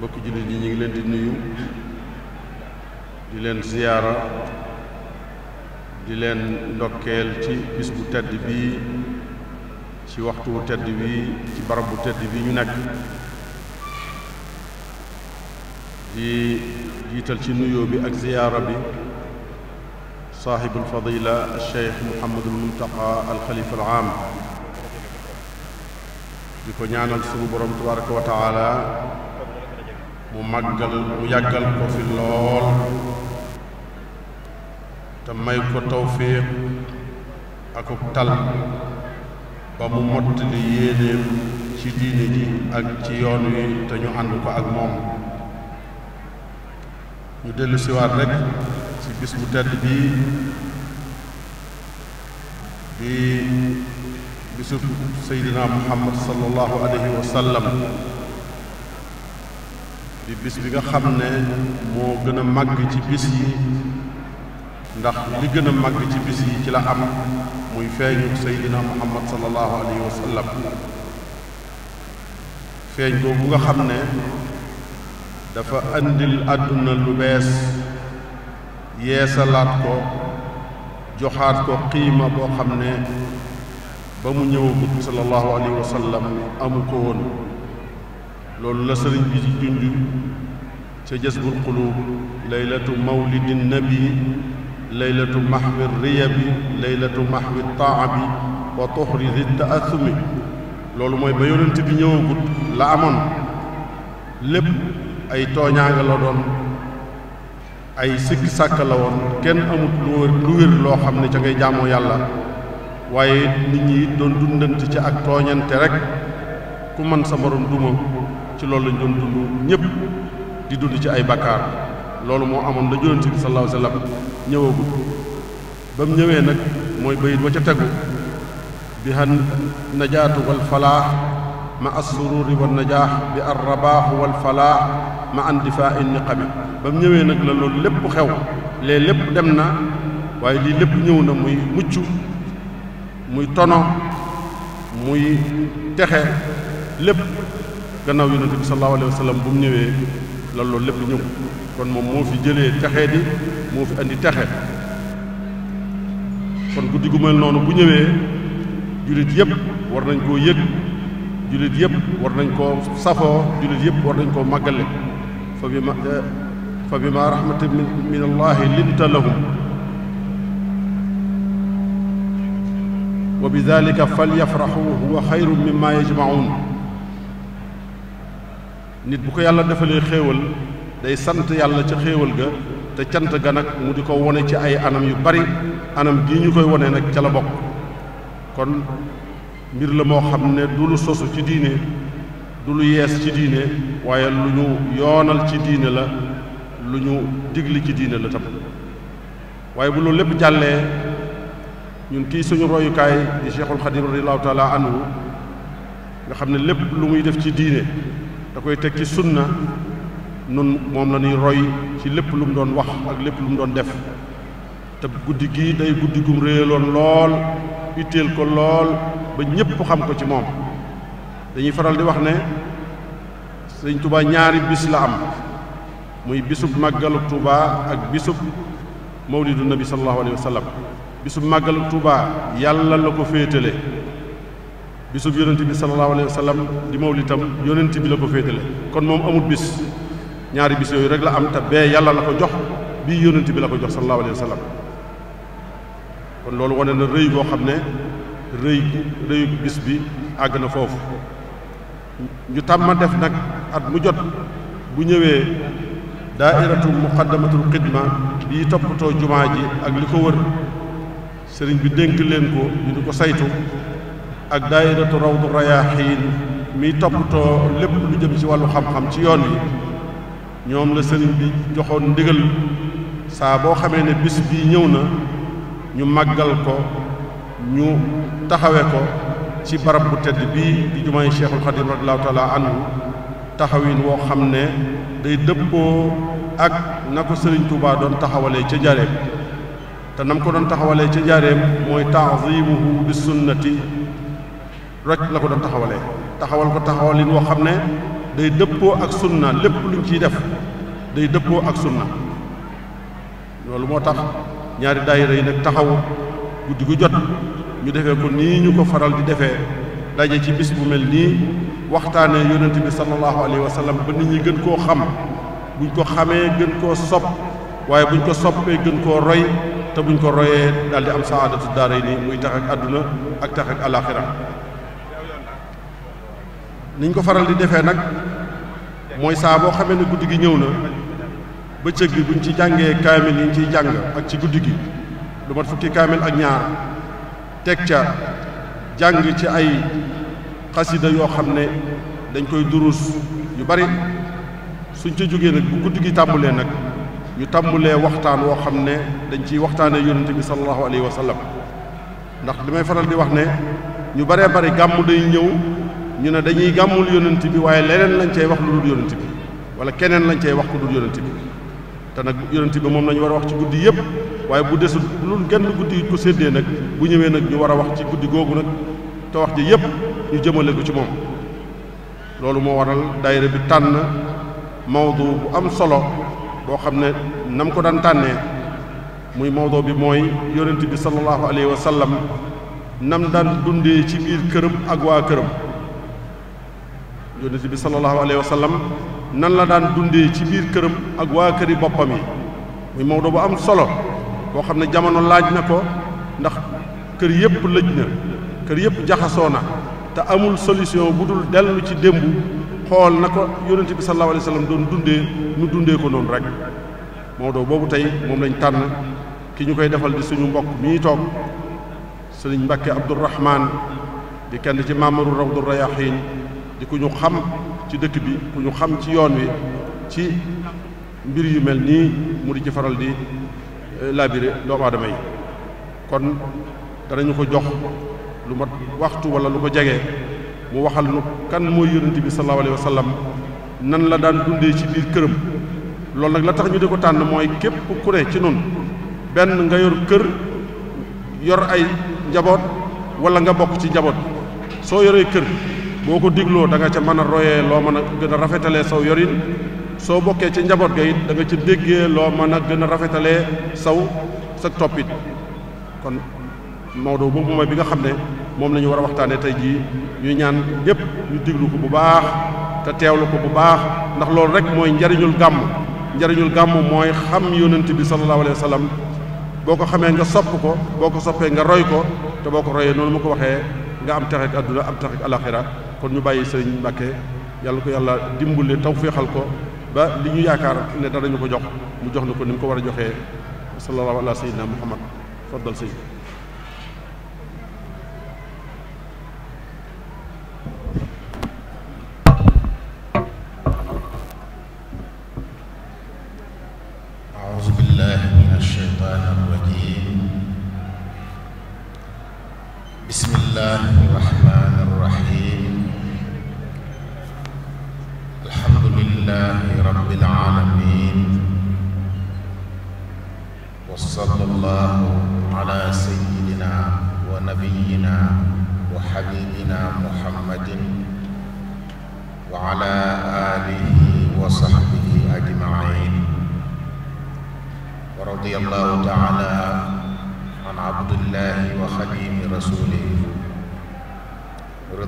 mbokki jullit yi ñu ngi leen di nuyu di leen ziyaara di leen ndokkeel ci bis bu tedd bi ci waxtu wu tedd bi ci barab bu tedd bi ñu nekk di jiital ci nuyoo bi ak ziyaara bi saaxibul fadila alcheikh muhammadul muntaqa alxalifa al aam di ko ñaanal suñu borom tabaraka wa taala mu màggal mu yàggal ko fi lool te may ko tawféex akub tal ba mu mottali yéenéem ci diine ji ak ci yoon wi te ñu ànd ko ak moom ñu dellu rekk ci bis bu tedd bii di bisub Seydina Muhammad sallallahu alayhi wa di bis bi nga xam ne moo gën a màgg ci bis yi ndax li gën a màgg ci bis yi ci la am muy feeñu Seydina Muhammad sallallahu alayhi wa sallam feeñ boobu nga xam ne dafa andil àdduna lu bees yeesalaat ko joxaat ko qiima boo xam ne ba mu ñëwagut sallallahu alayhi wa sallam amu loolu la sëriñ bi ci junj ca jësbul xuluub laylatu mawlidi nabi laylatu maxwi riyabi laylatu maxwi taabi wa tuxridi taasumi loolu mooy ba yonent bi ñëwagut la amoon lépp ay tooñaanga la doon ay sikki sàkk la woon kenn amut lu wér lu wér loo xam ne ca ngay jaamoo yàlla waaye nit ñi doon dundante ci ak tooñante rek ku man sa morom duma ci loolu lañ doon dund ñëpp di dund ci ay bakkaar loolu moo amoon la yonent bi sallallahu alayhi wa ñëwagul ba mu ñëwee nag mooy bayit wa ca tegu bi han najaatu wal falaax ma assuruuri wal najaax bi ar rabaaxu wal falaax ma andifaa in niqami ba mu ñëwee nag la loolu lépp xew lee lépp dem na waaye lii lépp ñëw na muy mucc muy tono muy texe lépp gannaaw yonente bi sallallahu alayhi wa sallam bu mu ñëwee la lépp ñëw kon moom moo fi jëlee texee di moo fi andi texe kon guddi gu mel noonu bu ñëwee jullit yëpp war nañ koo yëg jullit yëpp war nañ koo safoo jullit yëpp war nañ koo màggale fa bi ma fa bi ma rahmati min allahi wa bi dalika falyafraxu huwa xayru mimma yajmaun nit bu ko yàlla defalee xéewal day sant yàlla ca xéewal ga te cant ga nag mu di ko wone ci ay anam yu bari anam gii ñu koy wone nag ca la bokk kon mbir la moo xam ne du lu sosu ci diine du lu yees ci diine waaye lu ñu yoonal ci diine la lu ñu digli ci diine la tam waaye bu loolu lépp jàllee ñun kii suñu royukaay di cheikhul xadim radiallahu taala anhu nga xam ne lépp lu muy def ci diine da koy teg ci sunna nun moom la ñuy roy ci lépp lu mu doon wax ak lépp lu mu doon def te guddi gi day guddi gum réyaloon lool itteel ko lool ba ñépp xam ko ci moom dañuy faral di wax ne sëñ tubaa ñaari bis la am muy bisu màggalu Touba ak bisub mawlidu nabi sallallahu alayhi wa sallam bisub màggalu Touba yàlla la ko féetale bisub yonent bi sallallahu alayhi wa sallam di mawlitam yonent bi la ko féetale kon moom amul bis ñaari bis yooyu rek la am te bee yàlla la ko jox bii yonent bi la ko jox sallallahu alayhi wa kon loolu wone na rëy boo xam ne rëy rëyu bis bi àgg na foofu ñu tàmma def nag at mu jot bu ñëwee daa daairatu muqaddamatul xidma bii toppatoo jumaa ji ak li ko wër sëriñ bi dénk leen ko ñu di ko saytu ak daayiratu rawdu rayaaxiin mi toppatoo lépp lu jëm ci wàllu xam-xam ci yoon wi ñoom la sëriñ bi joxoon ndigal saa boo xamee ne bis bii ñëw na ñu màggal ko ñu taxawe ko ci barab bu tedd bii di jumaay Cheikhul Xadim radiyallahu taala anhu taxawin woo xam ne day dëppoo ak na ko sëriñ Touba doon taxawalee ca njaareem te nam ko doon taxawalee ca njaareem mooy taazimuhu bi sunnati rek la ko doon taxawalee taxawal ko taxawalin moo xam ne day dëppoo ak sunna lépp luñ ciy def day dëppoo ak sunna loolu moo tax ñaari daayira yi nag taxaw guddi gu jot ñu defee ko nii ñu ko faral di defee daje ci bis bu mel nii waxtaanee yonent bi sallallahu alayhi wa sallam ba nit ñi gën koo xam buñ ko xamee gën koo sopp waaye buñ ko soppee gën koo roy te buñ ko royee daal di am saadatu nii muy tax ak àdduna ak tax ak alaaxira niñ ko faral di defee nag mooy saa boo xamee ne guddi gi ñëw na bëccëg bi buñ ci jàngee kaamil yi ñu ciy jàng ak ci guddi gi lu mat fukki kaamil ak ñaar teg ca jàng ci ay xasida yoo xam ne dañ koy durus yu bari suñ ca jógee nag bu guddi gi tàmbalee nag ñu tàmbalee waxtaan woo xam ne dañ ciy waxtaanee yonente bi sallallahu alayhi wa ndax li may faral di wax ne ñu baree bari gàmm day ñëw ñu ne dañuy gàmmul yonent bi waaye leneen lañ cay wax lu dul yonent bi wala keneen lañ cay wax ku dul yonent bi te nag yonent bi moom lañu war a wax ci guddi yëpp waaye bu desul lu genn guddi yu ko séddee nag bu ñëwee nag ñu war a wax ci guddi googu nag te wax ji yëpp ñu jëmale ko ci moom loolu moo waral daayira bi tànn mawdu bu am solo boo xam ne na ko daan tànnee muy mawdu bi mooy yonent bi sallallahu alayhi wa sallam daan dundee ci biir ak waa këram yonent bi sallallahu alayhi wa sallam nan la daan dundee ci biir këram ak waa këri boppam yi muy Maodo bu am solo boo xam ne jamono laaj na ko ndax kër yëpp lëj na kër yëpp jaxasoo na te amul solution bu dul dellu ci démb xool na ko yonent bi sallallahu alayhi wa doon dundee nu dundee ko noonu rek Maodo boobu tey moom lañ tànn ki ñu koy defal di suñu mbokk mii toog sëriñ Mbàkke Abdourahman di kenn ci maamaru Rawdu Rayaxiin di ku ñu xam ci dëkk bi ku ñu xam ci yoon wi ci mbir yu mel nii mu di jëfaral di euh, labiré doomu aadama yi kon danañu ko jox lu mat waxtu wala lu ko jege mu waxal nu kan mooy yonent bi sallallahu alayhi wa sallam nan la daan dundee ci biir këram loolu nag la tax ñu di ko tànn mooy képp ku ne ci noonu benn nga yor kër yor ay njaboot wala nga bokk ci njaboot soo yoree kër boo ko digloo da nga ca mën a royee loo mën a gën a rafetalee saw yorin soo bokkee ci njaboot ga it da nga déggee loo mën a gën a rafetalee saw sa toppit kon Maodo boobu mooy bi nga xam ne moom la ñu war a waxtaanee tey jii ñuy ñaan ñépp ñu diglu ko bu baax te teewlu ko bu baax ndax loolu rek mooy njariñul gàmm njariñul gàmm mooy xam yónnent bi sallallahu alayhi wa sallam boo ko xamee nga sopp ko boo ko soppee nga roy ko te boo ko royee noonu ma ko waxee nga am texek àdduna am texek kon ñu bàyyi sëriñ Mbàkke yàlla ko yàlla dimbale tawféexal ko ba li ñu yaakaar ne danañu ko jox mu jox na ko ni mu ko war a joxee sallallahu ala sayyidina muhammad faddal sëriñ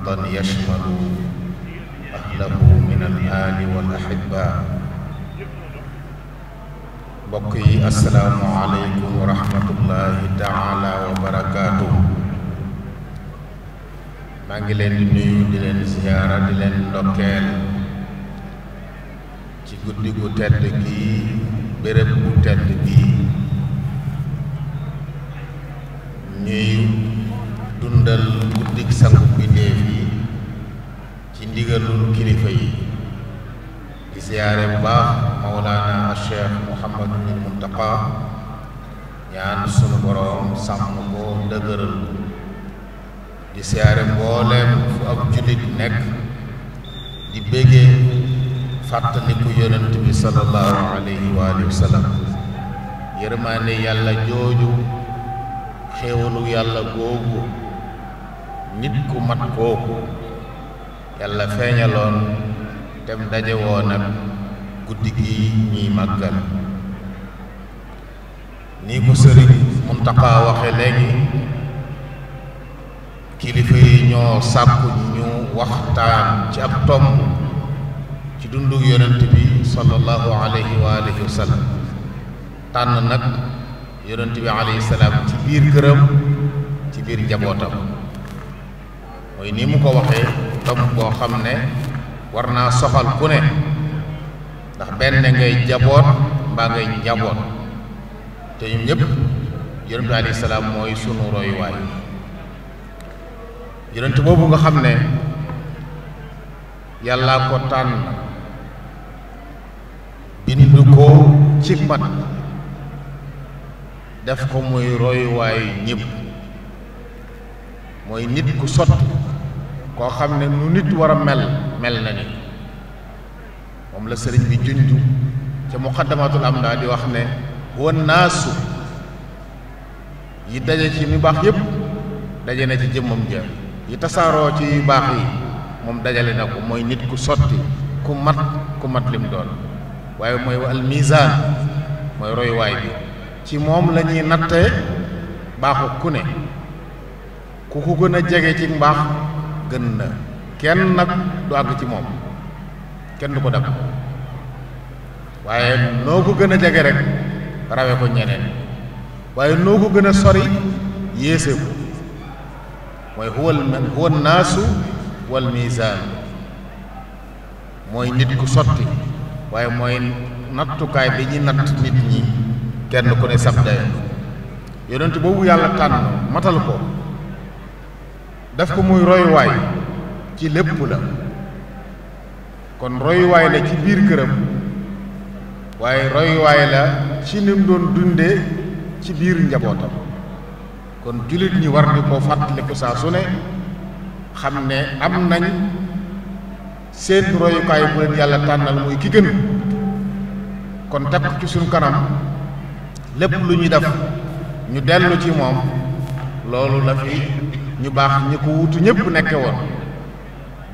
نقطا يشمل أهله من الآل والأحباء mbokk yi asalaamualeykum wa rahmatullahi taala wa barakaatu maa ngi leen di nuyu di leen ziyaara di leen ndokkeel ci guddi gu tedd gi béréb bu tedd bi siyaare bu baax mawlaana cheikh muhammadul muntaqa ñaan sunu boroom sàmm ko dëgëral di siyaare mbooleem fu ab jullit nekk di béggee fàttaliku yonent bi sallallahu alayhi wa alihi wa sallam yërmaande yàlla jooju xéewalu yàlla googu nit ku mat kooku yàlla feeñaloon te mu daje woon ak guddi gi ñuy màggal nii ko sëriñ Muntaqa waxe léegi kilifa yi ñoo sàkku ñu waxtaan ci ab tomb ci dundu yonent bi sallallahu alayhi wa alihi wa sallam tànn nag yonent bi alayhi salaam ci biir këram ci biir njabootam mooy ni mu ko waxee tomb boo xam ne war naa soxal ku ne ndax benn ngay jaboot mbaa ngay njaboot te ñun ñëpp yonent bi salaam mooy sunu royuwaay yonent boobu nga xam ne yàllaa ko tànn bind ko ci mat def ko muy royuwaayu ñëpp mooy nit ku sot koo xam ne nu nit war a mel mel na ni moom la sëriñ bi junju ca muqaddamatul am daa di wax ne wan yi daje ci mi baax yépp daje na ci jëmmam ja yi tasaaroo ci yu baax yi moom dajale na ko mooy nit ku sotti ku mat ku mat lim doon waaye mooy al mooy royuwaay bi ci moom lañuy ñuy nattee baaxu ku ne ku ko gën a jege ci mbaax gën na kenn nag du àgg ci moom kenn du ko dab waaye noo ko gën a jege rek rawe ko ñeneen waaye noo ko gën a sori yéese ko mooy huwal huwa naasu wal misaan mooy nit ku sotti waaye mooy nattukaay bi ñu natt nit ñi kenn ku ne sab dayo yonent boobu yàlla tànn matal ko daf ko muy royuwaay ci lépp la kon royuwaay la ci biir këram waaye royuwaay la ci ni mu doon dundee ci biir njabootam kon jullit ñi war di ko fàttaliku saa su ne xam ne am nañ seen royukaay bu leen yàlla tànnal muy ki gën kon takk ci suñu kanam lépp lu ñuy def ñu dellu ci moom loolu la fi ñu baax ñi ko wutu ñëpp nekke woon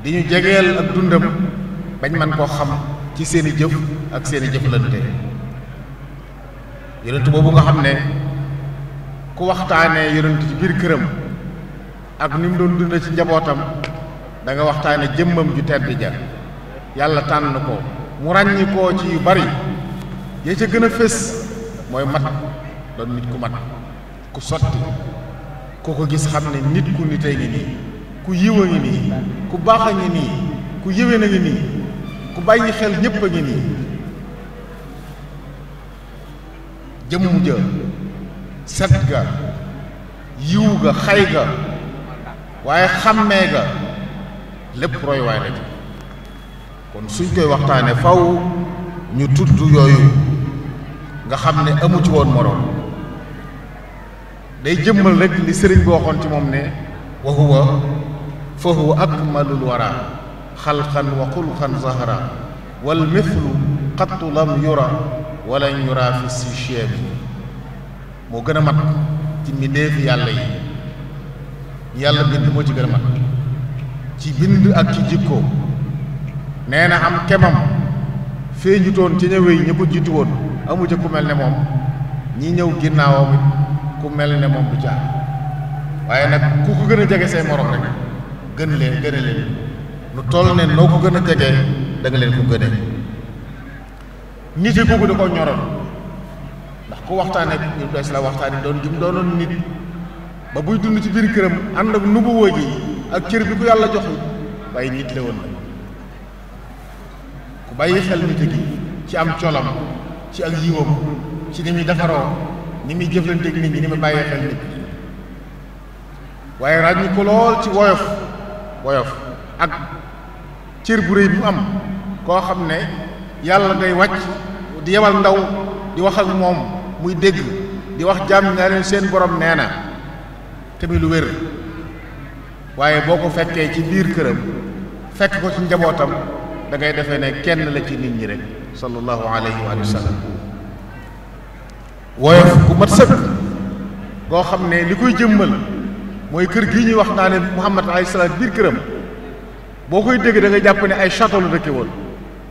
di ñu jegeel ak dundam bañ man koo xam ci seen i jëf ak seen i jëflante yonent boobu nga xam ne ku waxtaanee yonent ci biir këram ak ni mu doon dund ci njabootam da nga waxtaane jëmmam ju bi ja yàlla tànn ko mu ràññi koo ci yu bari yee ca gën a fés mooy mat doon nit ku mat ku sotti ku ko gis xam ne nit ku nitee ngi nii ku yiw ngi nii ku baax a ngi nii ku yëwén a ngi nii ku bàyyi xel ñëpp a ngi nii jëmm ja set ga yiw ga xay ga waaye xàmmee ga lépp roy waay rekk kon suñ koy waxtaane faw ñu tudd yooyu nga xam ne amu ci woon moroom day jëmmal rek li sëriñ bi waxoon ci moom ne wa huwa fa huwa akmalul xalqan wa xulqan zahra wal mithlu qattu lam yura walan yura fi moo gën a mat ci mbindéefi yàlla yi yàlla bind moo ci gën a mat ci bind ak ci jikko nee na am kemam feeñutoon ci ñëwee yi ñi ko jiitu woon amu ku mel ne moom ñi ñëw ginnaawam ku mel ne moom waaye nag ku ko gën a jege say morom rek gën leen gën a leen tool ne noo ko gën a jege da nga leen ko gëne nit yi googu da ko ñoroon ndax ku waxtaane ñu des la waxtaane doon gim doonoon nit ba buy dund ci biir këram ànd ak nubu woo ak cër bi ku yàlla jox waaye nit la woon ku bàyyi xel nit gi ci am colam ci ak yiwam ci ni muy defaroo ni muy jëflanteeg nit ñi ni muy bàyyi xel nit waaye ràññi lool ci woyof woyof cër bu réy bi mu am koo xam ne yàlla ngay wàcc di yebal ndaw di wax ak moom muy dégg di wax jàmm naa leen seen borom nee na te muy lu wér waaye boo ko fekkee ci biir këram fekk ko ci njabootam dangay ngay defee ne kenn la ci nit ñi rek sallallahu alayhi wa sallam woyof bu mat sëkk koo xam ne li koy jëmmal mooy kër gii ñuy wax naa ne Muhammad alayhi salaam biir këram boo koy dégg da ngay jàpp ne ay château la dëkke woon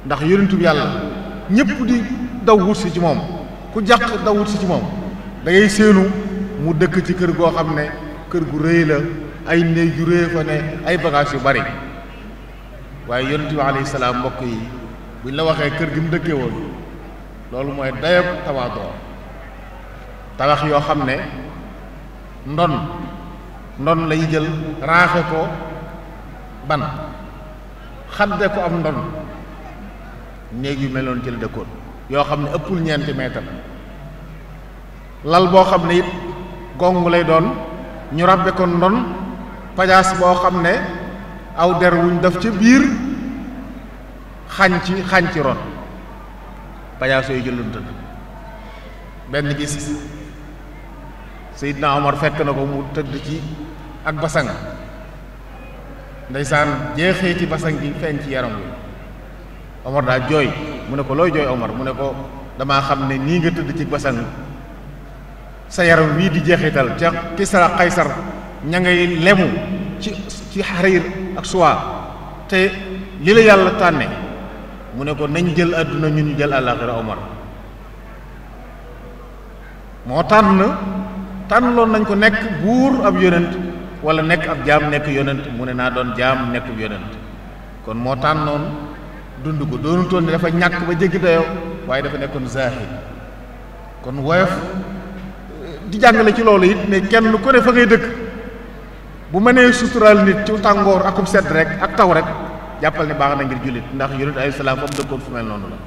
ndax yonentu bi yàlla ñëpp di daw wut ci moom ku jàq daw wut ci moom da ngay séenu mu dëkk ci kër goo xam ne kër gu rëy la ay néeg yu réy fa ne ay bagages yu bari waaye yonentu bi alayhi mbokk yi buñ la waxee kër gi mu dëkkee woon loolu mooy dayab tawaadoo tabax yoo xam ne ndon ndon lañu jël raaxe ko ban xadde ko am ndon néeg yu mel noonu ci la yoo xam ne ëppul ñeenti meetar lal boo xam ne it gongu lay doon ñu rabbe ko ndon pajaas boo xam ne aw der wuñ def ca biir xañ ci xaañ ci ron pajaas yooyu jëlun tëdd benn bis Seydina Omar fekk na ko mu tëdd ci ak basanga ndeysaan jeexee ci basang gi feeñ ci yaram wi Omar daa jooy mu ne ko looy jooy Omar mu ne ko dama xam ne nii nga tëdd ci basang sa yaram wii di jeexital ca Kisra Kaysar ña ngay lemu ci ci xariir ak suwaa te li la yàlla tànne mu ne ko nañ jël àdduna ñun ñu jël àllaaxira Omar moo tànn tànn nañ ko nekk buur ab yonent wala nekk ab jaam nekk yonent mu ne naa doon jaam nekk yonent kon moo tànnoon dund ko doonutoon ne dafa ñàkk ba jéggi dayoo waaye dafa nekkoon zaahid kon woyof di jàngale ci loolu it ne kenn ku ne fa ngay dëkk bu mënee suturaal nit ci tàngoor akub sedd rek ak taw rek jàppal ne baax na ngir jullit ndax yonent alayhi salaam moom dëkkoon fu mel noonu la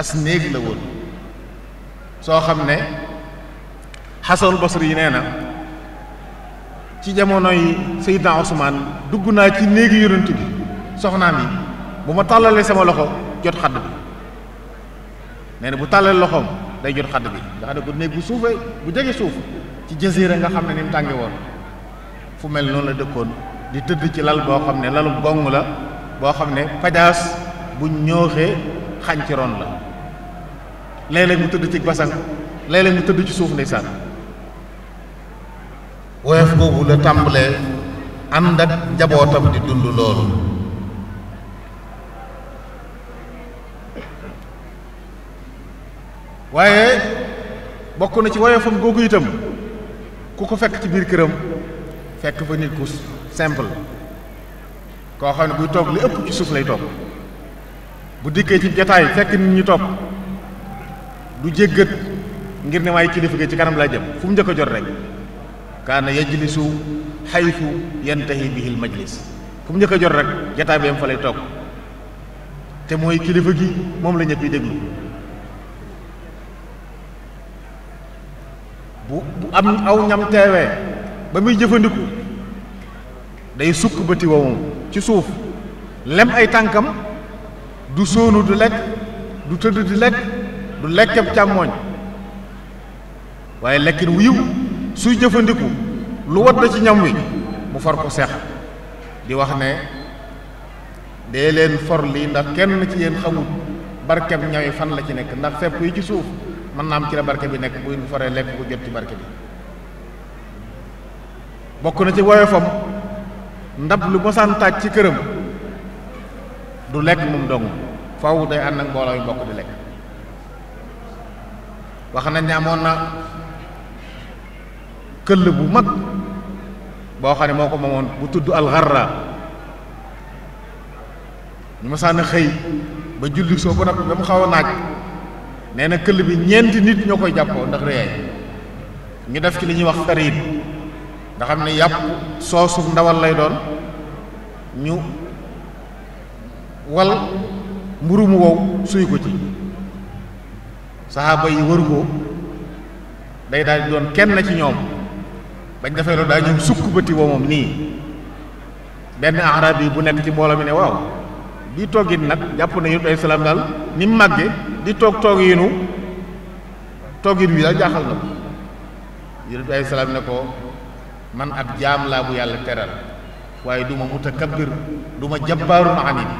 as néeg la woon soo xam ne xasanul basri yi nee na ci jamonoy Seydina Ousmane dugg naa ci néegi yonent bi soxnaam yi bu ma tàllalee sama loxo jot xadd bi nee bu tàllalee loxoom day jot xadd bi nga xam ne ko néeg bu suufee bu jege suuf ci jasiira nga xam ne ni mu tànge woon fu mel noonu la dëkkoon di tëdd ci lal boo xam ne lalu gong la boo xam ne pajaas bu ñooxee xañ ci ron la léeg-léeg mu tëdd ci basan léeg-léeg mu tëdd ci suuf ndeysaan woyof boobu la tàmbalee ànd ak njabootam di dund loolu waaye bokk na ci woyofam googu itam ku ko fekk ci biir këram fekk fa nit ku simple koo xam ne buy toog li ëpp ci suuf lay toog bu dikkee ci jataay fekk nit ñi toog du jéggat ngir ne waaye kilifa ci kanam laa jëm fu mu njëkk a jot rek kaana yajlisu xaytu yantahi bihi l majlis fu mu njëkk a jot rek jataay fa lay toog te mooy kilifa gi moom la ñëpp yi déglu bu bu am aw ñam teewee ba muy jëfandiku day sukk bëti wowam ci suuf lem ay tànkam du sóonu du lekk du tëdd di lekk du lekkeb càmmooñ waaye lekkin wu suy jëfandiku lu wat na ci ñam wi mu far ko seex di wax ne dee leen for lii ndax kenn ci yéen xamul barkeb ñawi fan la ci nekk ndax fepp yi ci suuf mën naa am ci la barke bi nekk bu foree lekk ko jot ci barke bokk na ci woyofam ndab lu mosaan taaj ci këram du lekk moom dong faw day ànd ak mbooloo yu bokk di lekk wax nañ ne na këll bu mag boo xam ne moo ko moomoon bu tudd alxarra ñu ma sànn xëy ba jullit soo ba noppi ba mu xaw a naaj nee na këll bi ñeenti nit ñoo koy jàppoo ndax réyaay ñu def ci li ñuy wax xarit nga ne yàpp soosu ndawal lay doon ñu wal mburu mu wow suy ko ci saxaaba yi wër ko day daal doon kenn ci ñoom bañ defee loolu daa ñëw sukk bëti woo moom nii benn arab yi bu nekk ci mbooloo mi ne waaw bii toggit nag jàpp na yonent ay salaam daal ni mu màgge di toog toog yinu toggit wi daal jaaxal na ko yonent ay salaam ne ko man at jaam laa bu yàlla teral waaye du ma mutakabbir du ma jabbaarun anim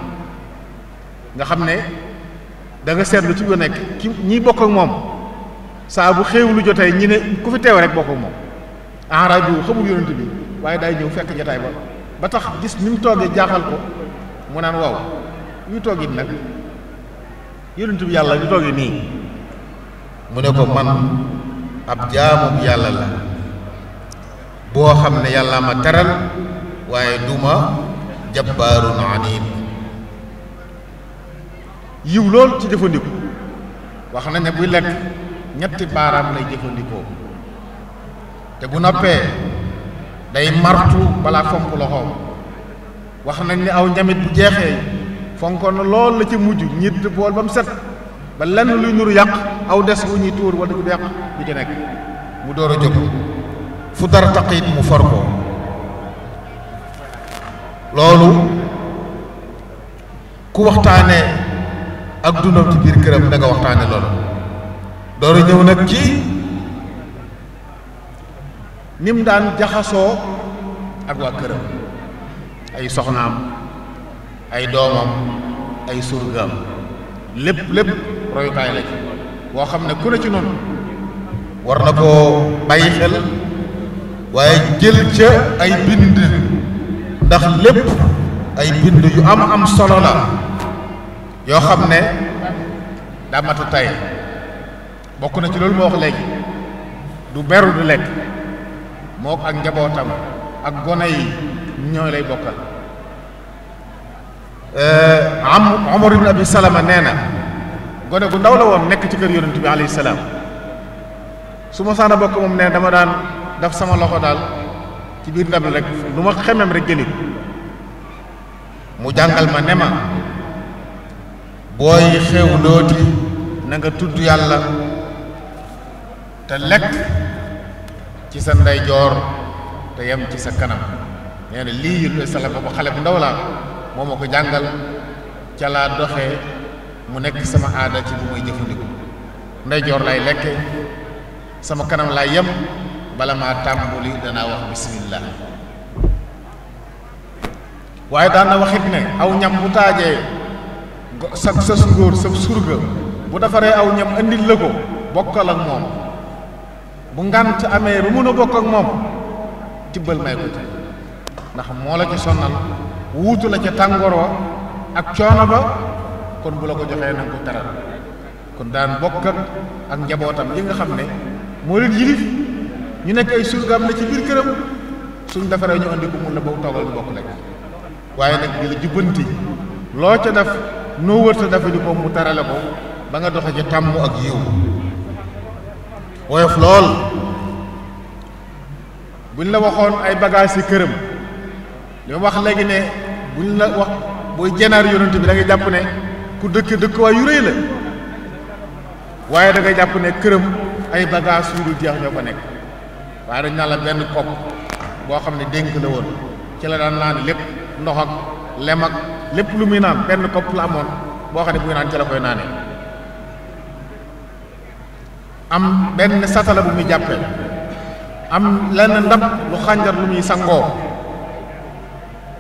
nga xam ne danga nga seetlu ci lu nekk ki ñi bokk ak moom saa bu xëw lu jotee ñi ne ku fi teew rek bokk ak moom enraj boobu xamul yonent bi waaye day ñëw fekk jataay ba ba tax gis ni mu toogee jaaxal ko mu naan waaw yu toogit yàlla yu toogee nii mu ne ko man ab jaamu yàlla la boo xam ne yàlla ma teral waaye duma jabbaarun anim yiw lool ci jëfandiku wax na buy lekk ñetti baaraam lay jëfandikoo te bu noppee day martu balaa fomp loxoom wax nag ni aw njamit bu jeexee fonkoon na lool la ci mujj ñitt bool ba mu set ba lenn luy nuru yàq aw des wu ñuy tuur wala du yàq bu ci nekk mu door a jóg fu dara taqit mu for ko loolu ku waxtaane ak dundam ci biir këram da nga waxtaane lool door a ñëw nag ci ni mu daan jaxasoo ak waa ay soxnaam ay doomam ay surgaam lépp lépp royukaay la ci boo xam ne ku ne ci noonu war na koo bàyyi xel waaye jël ca ay bind ndax lépp ay bind yu am am solo la yoo xam ne daa matu tay bokk na ci loolu moo wax léegi du beru du lekk moo ak njabootam ak gone yi ñoo lay bokkal eh, am Omar ibn Abi Salama nee na gone gu ndaw la woon nekk ci kër yonent bi alayhi salaam su ma saana bokk moom nee dama daan daf sama loxo daal ci biir ndab rek lu ma xemem rek jëli mu jàngal ma ne ma booy xew looti na tudd yàlla te lekk ci sa ndeyjoor te yem ci sa kanam nee de lii yullu sala boobu xale bu ndaw laa moo ma ko jàngal ca laa doxee mu nekk sama aada ci bu may jëfandiku ndeyjoor lay lekke sama kanam laay yem bala maa tàmbuli danaa wax bismillah waaye daan na waxit ne aw ñam bu taajee sa sa ngóor sa surga bu defaree aw ñam indil la ko bokkal ak moom bu ngànt amee ba mun a bokk ak moom tibbal may ko ndax moo la ci sonnal wuutu la ca tàngoor wa ak coono ba kon bu la ko joxee na nga ko teral kon daan bokk ak njabootam li nga xam ne moo leen yilif ñu nekk ay surgaam la ci biir këram suñ defaree ñu andi ko mun la ba toogal ñu bokk lekk waaye nag di la jubbanti loo ca def noo wërta dafa di ko mu terale ko ba nga doxe ci tàmm ak yiw woyof lool buñ la waxoon ay bagages ci këram li ma wax léegi ne buñ la wax booy jenaar yonent bi da jàpp ne ku dëkk dëkkuwaay yu rëy la waaye dangay jàpp ne këram ay bagages yu dul jeex ñoo fa nekk waaye dañ naa la benn kopp boo xam ne dénk la woon ci la daan naan lépp ndox ak lem ak lépp lu muy naan benn kopp la amoon boo xam ne buy naan ci la koy naanee am benn satala bu muy jàppee am lenn ndab lu xànjar lu muy sangoo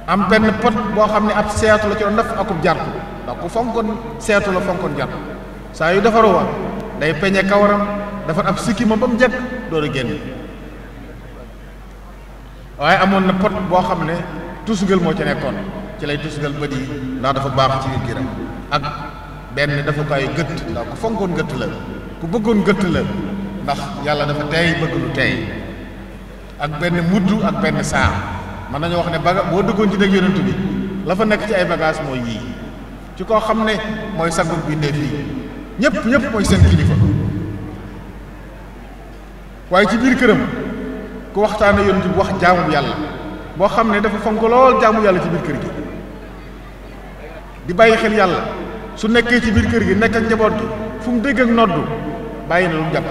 am benn pot boo xam ne ab seetu la ci doon def akub jartu ndax ku fonkoon seetu la fonkoon jartu saa yu defaroo wa day peñe kawaram defar ab sikkima ba mu jekk door a waaye amoon na pot boo xam ne tusngal moo ci nekkoon ci lay tusngal bët yi ndax dafa baax ci giram ak benn defukaayu gëtt ndax ku fonkoon gët la ku bëggoon gëtt la ndax yàlla dafa teey bëgg lu teey ak benn mudd ak benn saam mën nañoo wax ne baga boo duggoon ci dëkk yonent bi la fa nekk ci ay bagage mooy yii ci koo xam ne mooy sangu bi ne fii ñëpp ñëpp mooy seen kilifa waaye ci biir këram ku waxtaane yonent bi wax jaamu yàlla boo xam ne dafa fonk lool jaamu yàlla ci biir kër gi di bàyyi xel yàlla su nekkee ci biir kër gi nekk ak njaboot gi fu mu dégg ak noddu bàyyi na lu mu jàpp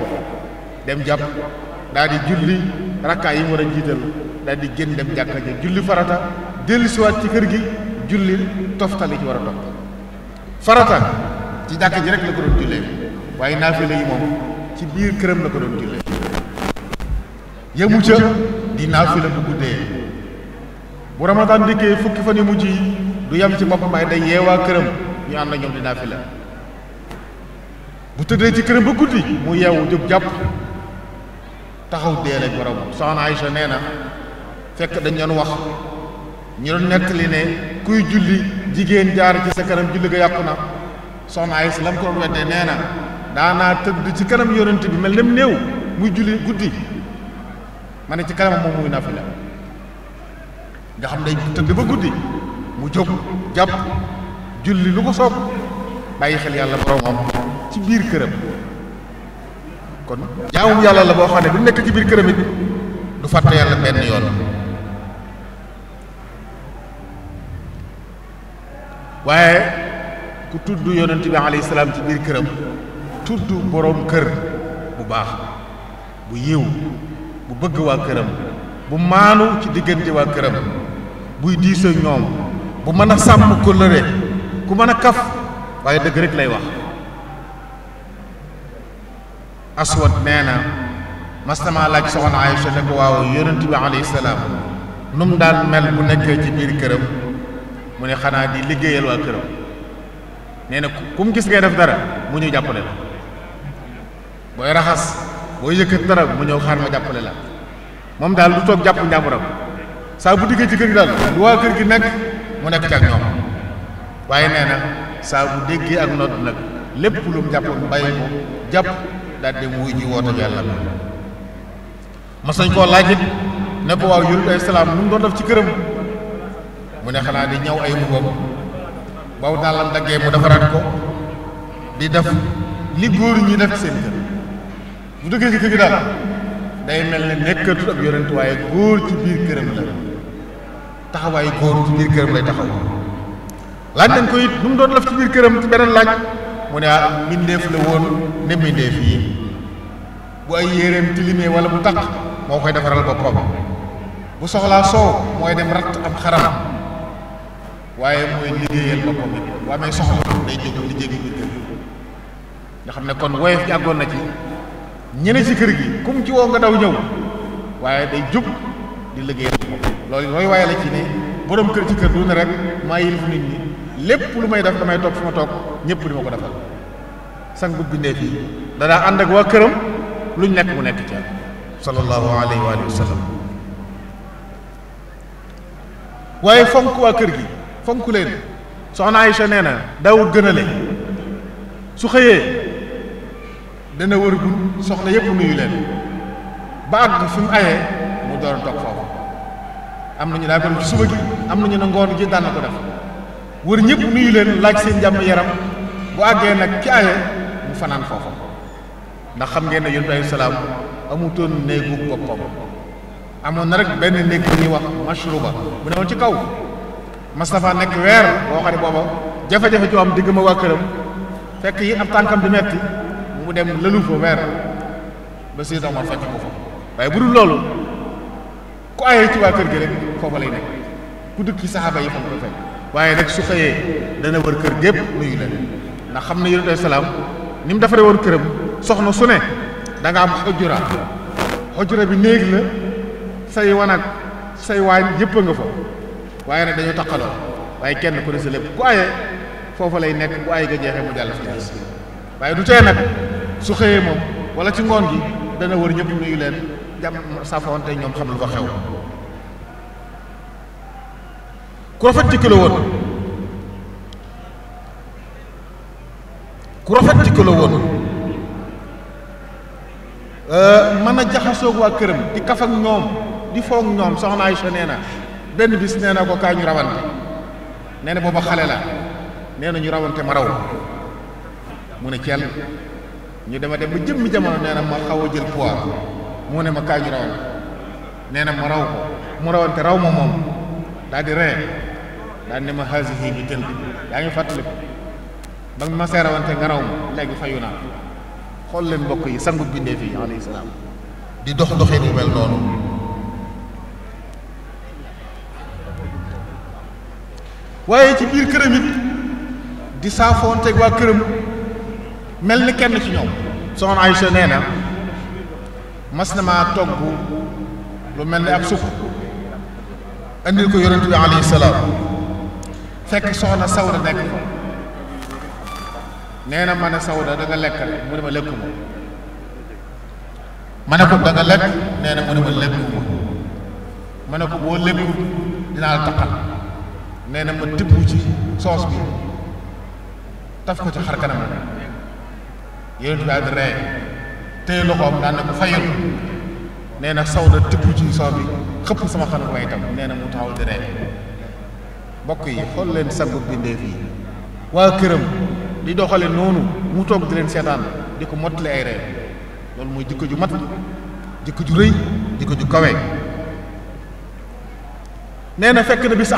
dem jàpp daal julli rakkaa yi mu war a jiital daal di génn dem jàkka ja julli farata dellusiwaat ci kër gi julli toftali ci war a topp farata ci jàkka ji rek la ko doon jullee waaye naafila yi moom ci biir këram la ko doon jullee yemu ca di naafila bu guddee bu ramadan dikkee fukki fan yu mujj yi du yem ci boppam ay day yeewaa këram ñu ànd na ñoom di naafila bu tëddee ci këram ba guddi mu yeewu jóg jàpp taxaw dee ak borom soxna Aïcha nee na fekk dañ doon wax ñu doon nettali ne kuy julli jigéen jaar ci sa kanam julli ga yàqu na soxna Aïcha lam ko nee na daanaa tëdd ci kanam yonent bi mel nem néew muy julli guddi ma ne ci kanam moom muy nafila nga xam day tëdd ba guddi mu jóg jàpp julli lu ko soog bàyyi xel yàlla boromam ci biir këram kon jaamum yàlla la boo xam ne bu nekk ci biir këram it du fàtte yàlla benn yoon waaye ku tudd yonent bi alayhi salaam ci biir këram tudd boroom kër bu baax bu yiw bu bëgg waa këram bu maanu ci diggante waa këram buy diisoo ñoom bu mën a sàmm kóllëre ku mën a kaf waaye dëgg rek lay wax aswad nee na mas na maa laaj soxna Aysa ne ko waaw yonent bi salaam nu mu daan mel mu nekkee ci biir këram mu ne xanaa di liggéeyal waa këram nee na ku mu gis ngay def dara mu ñëw jàppale la booy raxas booy yëkkat dara mu ñëw xaar ma jàppale la moom daal du toog jàpp njàmburam saa bu diggee ci kër gi daal lu waa kër gi nekk mu nekk ci ak ñoom waaye nee na saa bu déggee ak nodd nag lépp lu mu bàyyi ko jàpp daal dem wuy ji woote yàlla bi mas nañ koo laaj it ne ko waaw yonent ay salaam lu mu def ci këram mu ne xanaa di ñaw ay mbubbam baw dàllam daggee mu defaraat ko di def li góor ñi def seen kër bu dëggee ci kër gi daal day mel ne nekkatu ab yonent waaye góor ci biir këram la taxawaayu góor ci biir këram lay taxaw laaj ko it lu mu doon ci biir këram ci beneen laaj mu ne ah mbindeef la woon ne mbindeef yi bu ay yéreem tilimee wala bu taq moo koy defaral boppam bu soxlaa soow mooy dem ratt am xaram waaye mooy liggéeyal boppam bu amee soxla day jóg ne kon woyof ji na ci ñene ci kër gi kum ci woo nga daw ñëw waaye day jub di liggéeyal boppam loolu roy waaye la ci ne borom kër ci kër du ne rek maa yilif nit ñi lépp lu may def damay toog fi ma toog ñëpp di ma ko defal sang bu bindee fii danaa ànd ak waa këram luñ nekk mu nekk ci sallallahu alayhi wa sallam waaye fonk waa kër gi fonk leen yi Aïcha nee na daawut gënale su xëyee dana wër gun soxna yépp nuyu leen ba àgg fi mu ayee mu door a toog foofu am nañu daa ko def suba gi am nañu ne ngoon gi daan na ko def wër ñëpp nuyu leen laaj si njàmb yaram bu àggee nag ci aaye mu fanaan foofa ndax xam ngeen ne yonent bi alayhi salaam amutoon néegu boppam amoon na rek benn néeg bu ñuy wax mashruba bu newoon ci kaw nekk weer boo xam ne booba jafe-jafe ci ma waa këram fekk yi am tànkam di metti mu dem lëlu fa weer ba Seydou Omar fekk ko waaye bu dul loolu ku ayee ci waa kër gi rek foofa lay nekk ku dëkk ci saxaaba yi fa ko fekk waaye rek su xëyee dana wër kër gépp nuyu la ndax xam ne yonent ay salaam ni mu defaree woon këram soxna su ne danga nga am xojura xojura bi néeg la say wanag say waañ yëpp a nga fa waaye nag dañoo taqaloo waaye kenn ku ne lépp ku aye foofa lay nekk bu ay ga jeexee mu jàll fa des waaye du tee nag su xëyee moom wala ci ngoon gi dana wër ñëpp nuyu leen jàmm safoonte ñoom xam lu fa xew ku rafet jikko la woon ku rafet jikko la woon euh, mën a jaxasoog waa këram di kaf ak ñoom di foog ñoom soxna Aysa nee na benn bis nee na ko kaay ñu rawante nee na booba xale la nee ñu rawante ma raw mu ne ceel ñu dema dem ba jëmmi jamono nee ma xaw jël poids mu ne ma kaay ñu rawante nee na ma raw ko mu rawante raw ma moom daal ree daan ne ma haasihi bi tënk yaa ngi fàttaliku ba ma seerawante nga raw ma léegi fayu naa xool leen mbokk yi sangu bindee fii alayhi dox doxin bu mel noonu waaye ci biir këram it di saafoonteeg waa këram mel ni kenn ci ñoom soxna Aysa nee na mas na maa togg lu mel ni ab supp indil ko yonent bi alayhi salaam fekk soxna sawda nekk nee na ma ne sawda da nga lekk mu ne ma lekkuma ma ne ko da nga lekk nee na mu ne ma lekkuma ma ne ko boo lekkul dinaa la taqal na ma tibb ci soos bi taf ko ci xar kanam yonent bi di ree téye loxoom daan na ko fayal nee na sawda tibb ci soos bi xëpp sama xanam way tam nee na mu taxaw di ree mbokk yi xool leen sangu bindeef yi waa këram di doxale noonu mu toog di leen seetaan di ko mottali ay reer loolu mooy jikko ju mat jikko ju rëy jikko ju kawe nee na fekk na bis sa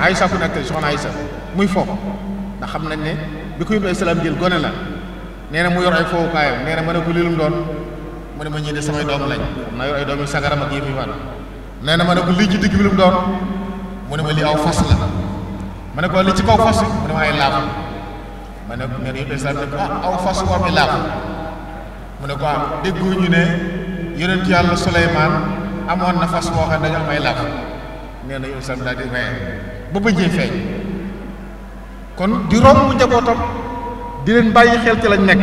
Aïsa ku nekk soxna Aïsa muy fo ndax xam nañ ne bi ko yóbbu islam jël gone la nee na mu yor ay fowukaayam nee na ma ne ko li mu doon mu ne ma ñii samay doom lañ xam naa yor ay doom yu sagaram ak yëf yi fan nee lii ci digg bi lu doon mu ne ma lii aw fas la ma ne ko li ci kaw fas yi mu ne waaye ma ne ma ne islam ah, ne ko ah aw fas woo mi laafu mu ne ko ah déggu ñu ne yonent yàlla Suleymaan amoon na fas woo xam ne dañoo na islam daal di ree ba bëjee feeñ kon di romb njabootam di leen bàyyi xel ci lañ nekk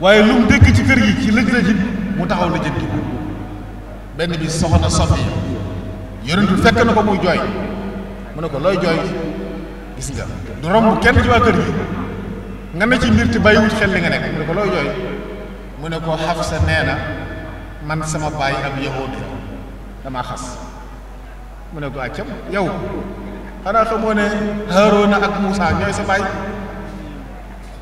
waaye lu mu dëkk ci kër gi ci lëj lëjit mu taxaw lëjët gi benn bi soxna Sofi yonentul fekk na ko muy jooy mu ne ko looy jooy gis nga du romb kenn ci waa kër gi nga ne ci mbir te bàyyiwut xel li nga nekk mu ne ko looy jooy mu ne ko Xafsa nee na man sama baay ab yahud damaa xas mu ne ko accam yow xanaa xamoo ne Haaruna ak Muusa ñooy sa baay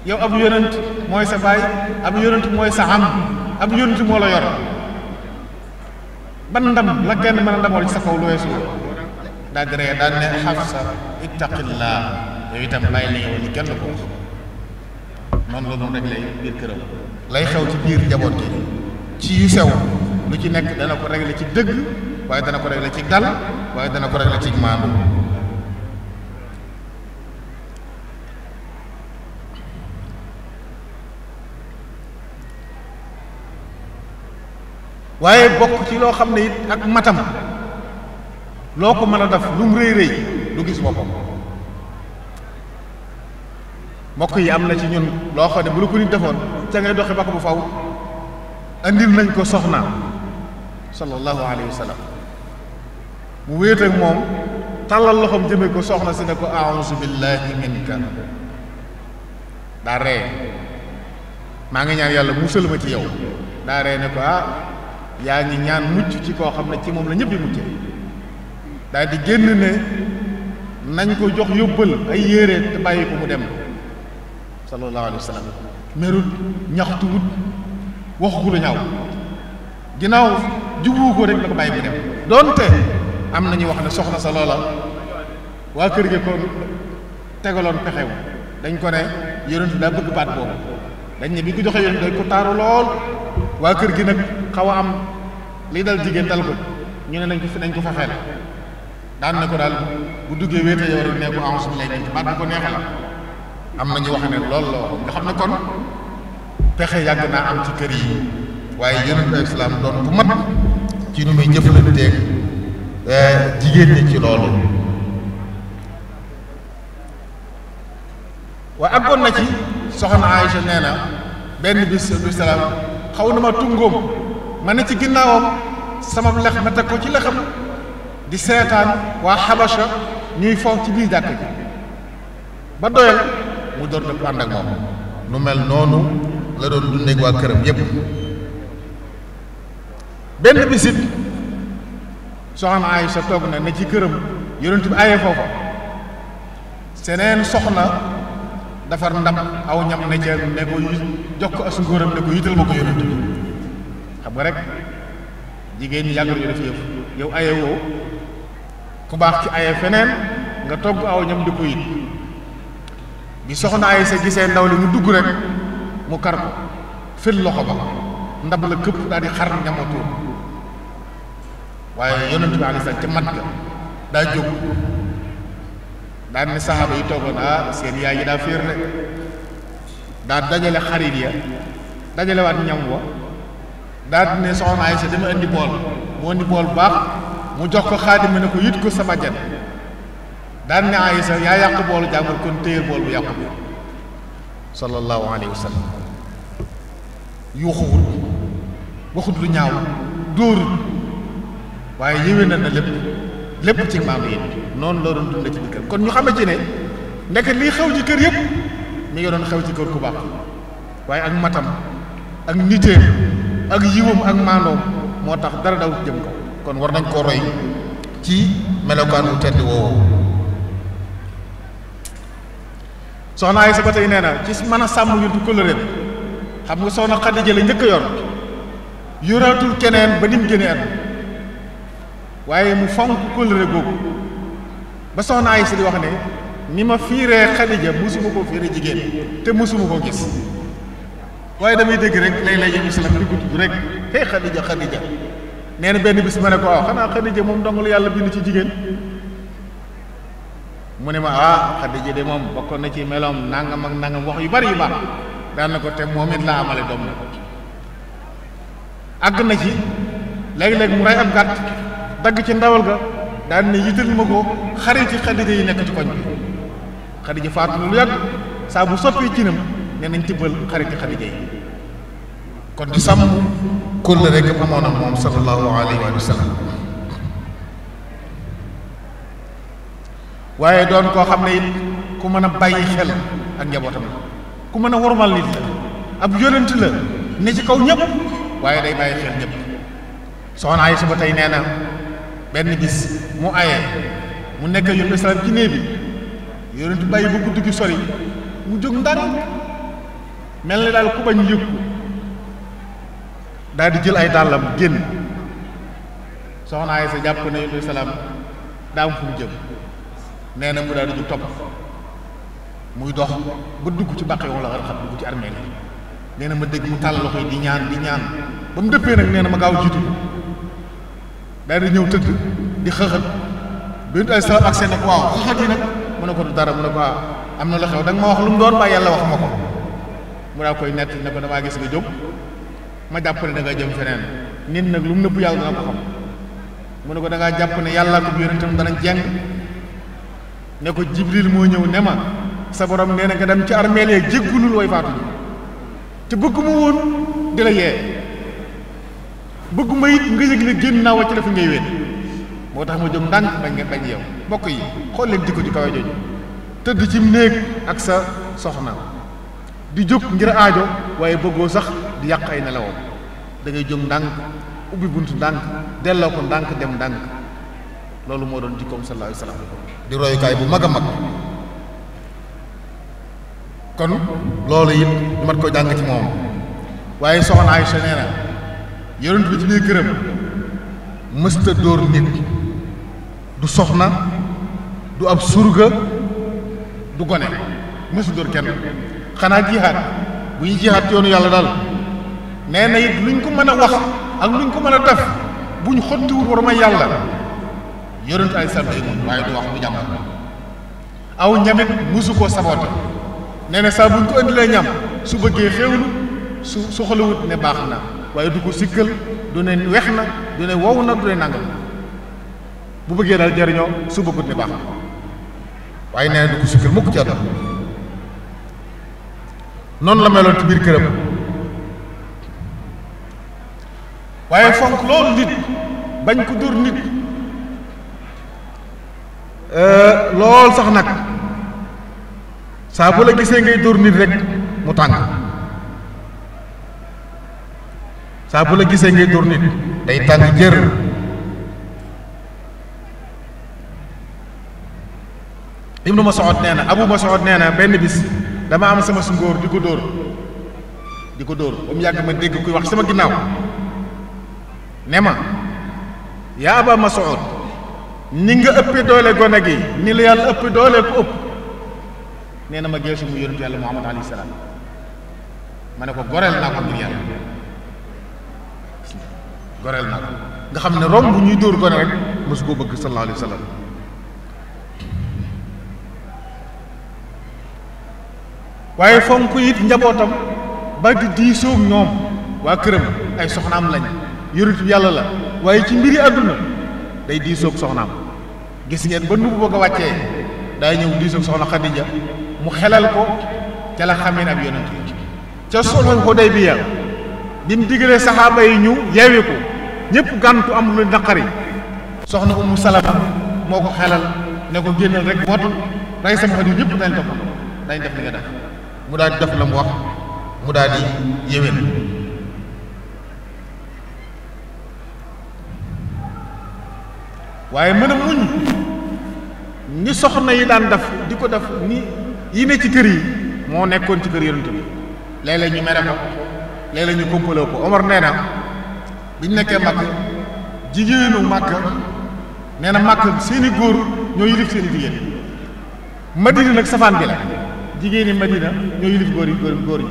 yow ab yonent mooy sa baay ab yonent mooy sa am ab yonent moo la yor ban ndam la kenn mën a ndamool ci sa kaw lu weesu daggree daan ne Xafsa ittaqillaa yooyu itam bàyyi la yow kenn ko noonu la doon rek lay biir këram lay xew ci biir njaboot gi ci sew lu ci nekk dana ko réglé ci dëgg waaye dana ko réglé ci dal waaye dana ko réglé ci maandu waaye bokk ci loo xam ne it ak matam loo ko mën a def lu mu rëy rëy du gis boppam mbokk yi am na ci ñun loo xam ne bu la ko nit defoon ca ngay doxi ba ko bu faw andil nañ ko soxnaam sallallahu alayhi wa sallam mu wéet moom tàllal loxoom jëme ko soxna si ne ko auzu billahi minka daa ree maa ngi ñaan yàlla musal ma ci yow daa ree ne ko ah yaa ngi ñaan mucc ci koo xam ne ci moom la ñëpp yi muccee daal di génn ne nañ ko jox yóbbal ay yére te bàyyi ko mu dem sallallahu alayhi wa sallam merut ñaxtuwut waxu ko lu ñaw ginnaaw jubuu ko rek la ko bàyyi mu dem donte am nañu wax ne soxna sa loola waa kër gi ko tegaloon pexew dañ ko ne yonent daa bëgg baat boobu dañ ne bi ko joxee yonent dañ ko taaru lool waa kër gi nag xaw a am lii dal jigéen dal ko ñu ne nañ ko fi nañ ko fexeel daan na ko daal bu duggee wéete yow rek ne ko en suñu lay baat bu ko neexal am na ñu wax ne lool la wax nga xam ne kon pexe yàgg naa am ci kër yi waaye yonent bi islaam doon ku mat ci nu muy jëflanteeg eh, jigéen ñi ci loolu waaye àggoon na ci soxna Aïcha nee na benn bis xaw na ma tungóom ma ne ci ginnaawam sama lex ma teg ko ci lexam di seetaan waa xabasha ñuy foof ci biir jàkk ji ba doyal mu door dëpp ànd ak moom nu mel noonu la doon dundeeg waa këram yépp benn bisit soxna sa toog na ne ci këram yonent bi ayee foofa seneen soxna dafar ndab aw ñam ne ca ne ko jox ko as ngóoram ne ko yital ma ko yonent bi xam nga rek jigéen ñi yàgg nañu def yëf yow ayewoo bu baax ci aye feneen nga togg aw ñam di ko yit bi soxna ay sa gisee ndaw li mu dugg rek mu kar ko fil loxo ba ndab la këpp daal di xar ñamatuur waaye yonent bi aleyhi salaam ca mat ga daa jóg daan ne saxaaba yi toogoon ah seen yaay yi daa féer de daa dajale xarit ya dajale ñam wa daa ne soxna ay sa dama indi bool mu indi bool baax mu jox ko xaadim ne ko yit ko sama jan daan ne Aysa yaa yàq boolu jàmbur kon téyel boolu bu yàqu bi sallallahu alayhi wa sallam yuuxuwul waxut lu ñaaw dóorul waaye yéwé na na lépp lépp ci maam yi noonu la doon dund ci biir kër kon ñu xamante ci ne nekk lii xew ci kër yëpp mu ngi doon xew ci kër ku baax waaye ak matam ak niteem ak yiwam ak maandoom moo tax dara daw jëm ko kon war nañ koo roy ci melokaan wu tedd woowu soxna Aysa ba tey nee na ci mën a sàmm yu du kóllëre xam nga soxna Xadija la njëkk yoon yoraatul keneen ba nim génne at waaye mu fonk kóllëre googu ba soxna Aysa di wax ne ni ma fiiree Xadija mosuma koo fiire jigéen te mosuma koo gis waaye damay dégg rek lay lay yëngu si la di ko tudd rek hey Xadija Xadija nee benn bis ma ne ko waaw ah, xanaa Xadija moom dongul yàlla bind ci jigéen mu ne ma ah Xadija de moom bokkoon na ci meloom nangam ak nangam wax yu bari yu baax daan na ko te moom it laa amale doom na àgg na ci léeg-léeg mu rey ab gàtt dagg ci ndawal ga daan na yital ma ko xarit ci Xadija yi nekk ci koñ bi Xadija faatu lu yàgg saa bu soppi cinam ne nañ tibbal xarit ci Xadija yi kon di sàmm kóllëre rek amoon ak moom sallallahu alayhi wa sallam waaye doon koo xam ne it ku mën a bàyyi xel ak njabootam ku mën a wormal nit la ab yonent la ne ci kaw ñëpp waaye day bàyyi xel ñëpp soxna Aysa ba tey nee na benn bis mu aye mu nekk yonent salaam ci néeg bi yonent bàyyi ba guddi gi sori mu jóg ndànk mel ni daal ku bañ yëg daal di jël ay dàllam génn soxna Aysa jàpp ne yonent bi salaam daa am fu mu jëm nee na mu daal di jug topp muy dox ba dugg ci bàq yoon la war dugg ci armée la nee na ma dëgg mu tàll loxo yi di ñaan di ñaan ba mu dëppee nag nee na ma gaaw jiitu daal di ñëw tëdd di xëxët bi yonent salaam ak seen nag waaw xëxët yi nag mu ne ko du dara mu ne ko ah, am na la xew da ma wax lu mu doon ba yàlla wax ko mu daa koy nett ne ko damaa gis nga jóg ma jàpp ne da nga jëm feneen nit nag lu mu nëbb yàlla dana ko xam mu ne ko da jàpp ne yàlla ko tam dana jeng ne ko jibril moo ñëw ne ma sa borom nee na nga dem ci armeel ya jéggulul way faatu te bëgg ma woon di la yee bëgg ma it nga yëg ne génn naa wàcc la fi ngay wéet moo tax ma jóg ndànk bañ nga bañ yow mbokk yi xool leen jikko ju kawe jooju tëdd ci néeg ak sa soxna di jóg ngir aajo waaye bëggoo sax di yàq ay nelawam da ngay jóg ndànk ubbi buntu ndànk delloo ko ndànk dem ndànk loolu moo doon jikkoom sallallahu alayhi wa sallam di royukaay bu mag a mag kon loolu it ñu mat ko jàng ci moom waaye soxna Aysa nee na yonent bi ci biir këram mësta dóor nit du soxna du ab surga du gone mësta dóor kenn xanaa jihaat bu ñu jihaat yoonu yàlla daal nee na it luñ ko mën a wax ak luñ ko mën a def buñ xottiwul war ma yàlla yonent ay sàmm day mun waaye du wax bu jàmm aw ñamit musu koo saboote nee na saa buñ ko indilee ñam su bëggee xéewlu su soxlawut ne baax na waaye du ko sikkal du ne weex na du ne wow na du ne nangam bu bëggee dal jariñoo su bëggut ne baax na waaye nee na du ko sikkal mukk ci àdduna noonu la meloon ci biir këram waaye fonk loolu nit bañ ko dur nit euh, lool sax nag saa bu la gisee ngay dóor nit rek mu tàng saa bu la gisee ngay dóor nit day tàng jër ma Mas'ud nee na Abu ma Mas'ud nee na benn bis dama am sama sungóor di ko dóor di ko dóor ba yàgg ma dégg kuy wax sama ginnaaw ne ma yaa aba Mas'ud ni nga ëpp doole gone gi ni la yàlla ëppi doole ko ëpp nee na ma geesu mu yonentu yàlla Muhammad alayhi salaam ma ne ko goreel naa ko ngir yàlla goreel naa ko nga xam ne romb ñuy dóor gone rek mosu koo bëgg sallallahu alayhi wa waaye fonk it njabootam ba di diisoog ñoom waa këram ay soxnaam lañ yoritub yàlla la waaye ci mbiri àdduna day diisoog soxnaam gis ngeen ba nu bu bëgg a wàccee day ñëw diisoog soxna ja mu xelal ko ca la xamee ab yonent yi ca solo Hudaybiya bi mu digalee saxaaba yi ñu yeewi ko ñëpp gàntu am lu naqari soxna Umu Salama moo ko xelal ne ko génnal rek mootu rey sama xarit ñëpp dañ topp dañ def li nga def mu daal di def la mu wax mu daal di yéwén waaye mën a muñ ni soxna yi daan def di ko daf ni yi ne ci kër yi moo nekkoon ci kër yonent bi léeg-léeg ñu mere ko léeg-léeg ñu ko Omar nee na bi ñu nekkee Màkk jigéenu Màkk nee na Màkk seeni góor ñoo yilif seeni jigéen Madina nag safaan bi la jigéeni Madina ñoo yilif góor yi góor góor yi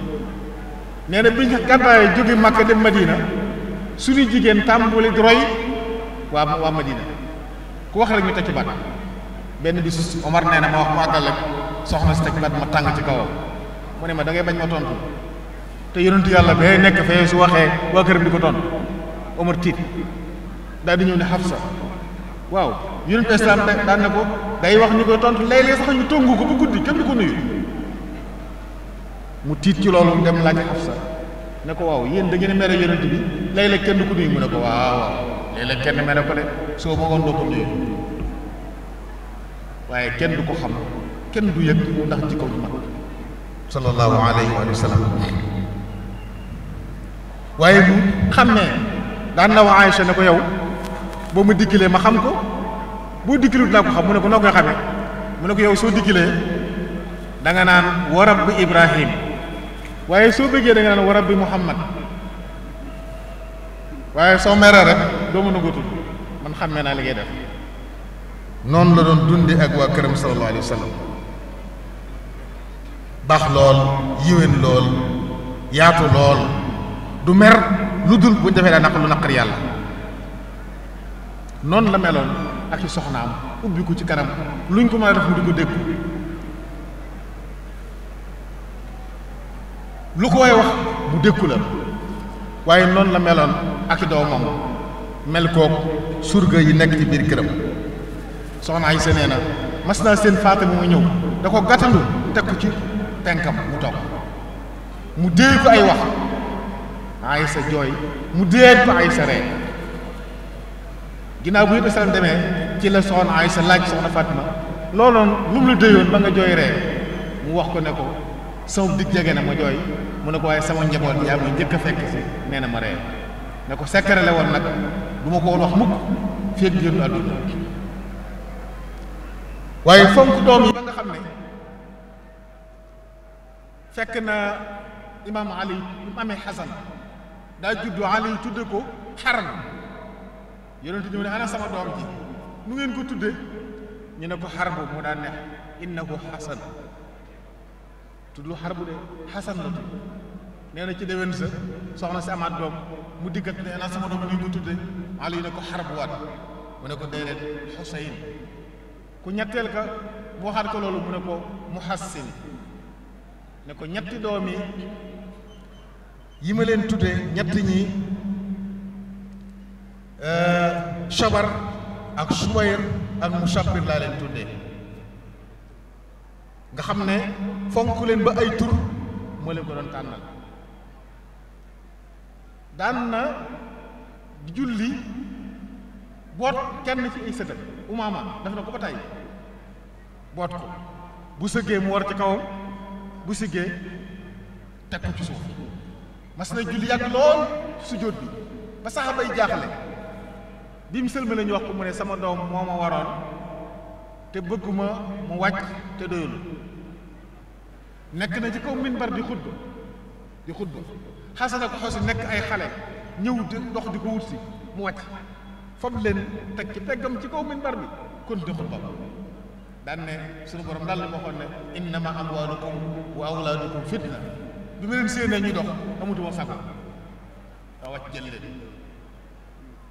nee na bi ñu gàddaay jóge Màkk dem Madina suñu jigéen tàmbali di roy waa waa Madina ku wax rek ñu teg ci baat benn bisu Omar nee na ma wax mu àggal rek soxna si teg baat ma tàng ci kawam mu ne ma dangay ngay bañ ma tontu te yonentu yàlla bee nekk fee su waxee waa këram di ko tontu Omar tiit daal di ñëw ne Hafsa waaw yonentu islam daan na ko day wax ñu koy tontu léeg-léeg sax ñu tongu ko kenn du ci loolu dem laaj Hafsa ne ko waaw yéen da ngeen mere yonent bi léeg-léeg kenn du ko nuyu mu ne ko waaw waaw léeg-léeg kenn mere ko de. soo bëggoon doo ko nuyu waaye kenn du ko xam kenn du yëg ndax jikko ju mat sallallahu wa sallam waaye ko yow boo ma ma xam ko boo dikkilut laa ko xam yow soo dikkilee da naan wa rabbi Ibrahim waaye soo bëggee da nga naan wa rabbi Muhammad waaye soo meree rek doo mën a xàmmee naa li ngay def noonu la doon dunde ak waa këram sallallahu alayhi wa sallam baax lool yiwén lool yaatu lool du mer lu dul bu defee daa naq lu naqar yàlla noonu la meloon ak i soxnaam ubbi ko ci kanam luñ ko mën a def mu di ko dégg lu ko waay wax mu déggu la waaye noonu la meloon ak i doomam mel koog surga yi nekk ci biir këram soxna ay nee na mas naa seen Fatima mu ñëw da ko gàttandu teg ko ci tenkam mu toog mu déey ko ay wax ay sa jooy mu déey ko ay sa ree ginnaaw bu yëpp salaam demee ci la soxna ay sa laaj soxna Fatima looloon lu mu la déyoon ba nga jooy ree mu wax ko ne ko sama di jege na ma jooy mu ne ko waaye sama njaboot yaa ma njëkk a fekk si nee na ma ree ne ko sekkare woon nag du ko woon wax mukk fonk doom yi ba xam ne fekk na imaam ali mu amee xasan daa juddu ali tudde ko xaran yonente ñëw ne ana sama doom ji nu ngeen ko tudde ñu ne ko xarbu mu daan neex innahu xasan tudd xarbu de xasan la tudd nee ci déwén soxna si amaat doom mu dikkat nee naa sama doom ñu ko tudde Ali ne ko Harbuwaat mu ne ko déedéet Xuseyn ku ñetteel ka mu waxaat ko loolu mu ne ko Muhassin ne ko ñetti doom yi yi ma leen tuddee ñett ñi euh, Shabar ak Sumayr ak Mushabbir laa leen tuddee nga xam ne fonk leen ba ay tur moo leen ko doon tànnal daan na julli boot kenn ci ay sëtam umaama def na ko ba tàyyi boot ko bu sëggee mu war ci kawam bu siggee teg ko ci suuf mas na julli yàgg lool sujjóot bi ba saxaba yi jaaxle bi mu sëlma la wax ko mu ne sama doom moo ma waroon te bëgguma mu wàcc te doyul nekk na ci kaw minbar di xutba di xutba xasana ko xosi nekk ay xale ñëw di dox di ko wut mu wàcc fab leen teg ci peggam ci kaw minbar bi kon dëxul bopp daan ne suñu borom daal la waxoon ne innama amwaalukum wa awlaadukum fitna ma leen séenee ñuy dox amutuma sago daa wàcc jël leen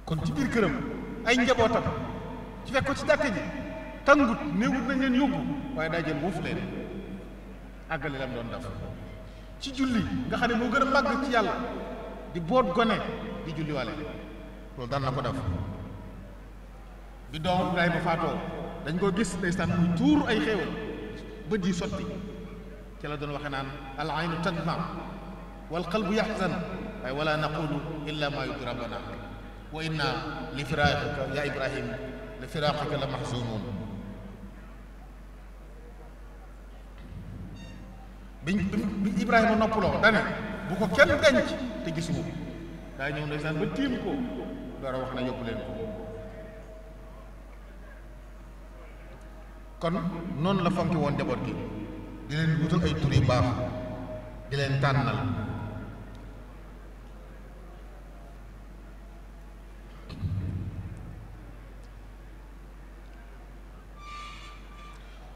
kon ci biir këram ay njabootam ci fekk ko ci jàkk ji tàngut néewut nañ leen yóbbu waaye daa jël wuuf leen àggale doon def ci julli nga xam ne moo gën a màgg ci yàlla di boot gone di julli wale loolu daan na ko def bi doom Ibrahima faatoo dañ koo gis ndeysaan muy tuur ay xéewal bët yi sotti ci la doon waxe naan al aynu tadma wal qalbu yaxzan waaye wala naqulu illa ma yurdi rabbana wa inna li firaqika ya ibrahim li firaqika la mahzunun biñ biñ Ibrahima noppaloo dane bu ko kenn denc te gisuma ko daa ñëw ndeysaan ba tiim ko dara wax na yóbbu leen ko kon noonu la fonki woon njaboot gi di leen wutal ay tur yu baax di leen tànnal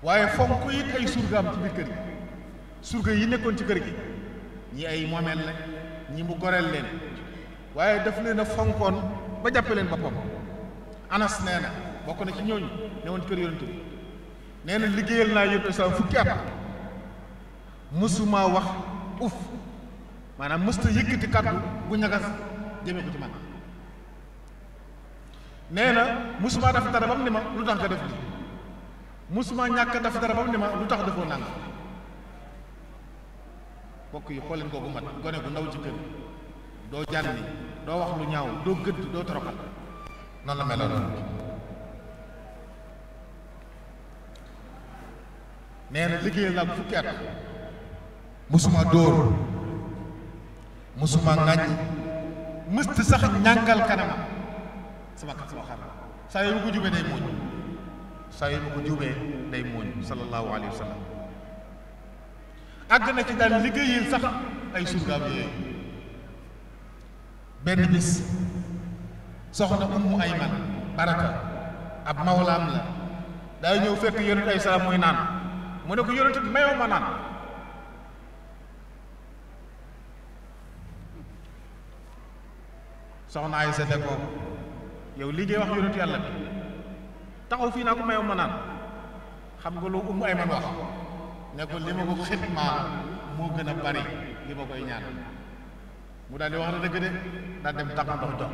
waaye fonk it ay surgaam ci biir kër gi surga yi nekkoon ci kër gi ñi ay moomeel la ñi mu goreel leen waaye daf leen a fonkoon ba jàppee leen boppam anas nee na bokk na ci ñooñu ne woon ci kër yonent bi nee na liggéeyal naa yonent sa fukki at mësuma wax uf maanaam mësta yëkkati kàddu bu ñagas jëmee ko ci man nee na mësuma def dara bam ni ma lu tax nga def li mësuma ñàkk def dara bam ni ma lu tax defoo nanga mbokk yi xooleen kooku mat gone gu ndaw ci kër doo jànni doo wax lu ñaaw doo gëdd doo toroxal noonu la meloon nee na liggéeyal naa ko fukki at mosuma dóor mosuma ŋàññ mëst sax ñàngal kanamam sama sama xar saa yooyu bu ko jubee day muuñ saa yooyu ko jubee day muuñ sallallahu alayhi wa àgg na ci daan liggéeyal sax ay surgaam yooyu benn bis soxna ummu ayman baraka ab mawlaam la daay ñëw fekk yonent ay salaam muy naan mu ne ko yonent bi mayoo ma naan soxna ay sa ko yow liggéey wax yonent yàlla bi taxaw fii naa ko mayoo ma naan xam nga lu ummu ayman wax ne ko li ma ko xitmaal moo gën a bari li ma koy ñaan mu daal di wax na dëgg de daal dem tàq ndox jox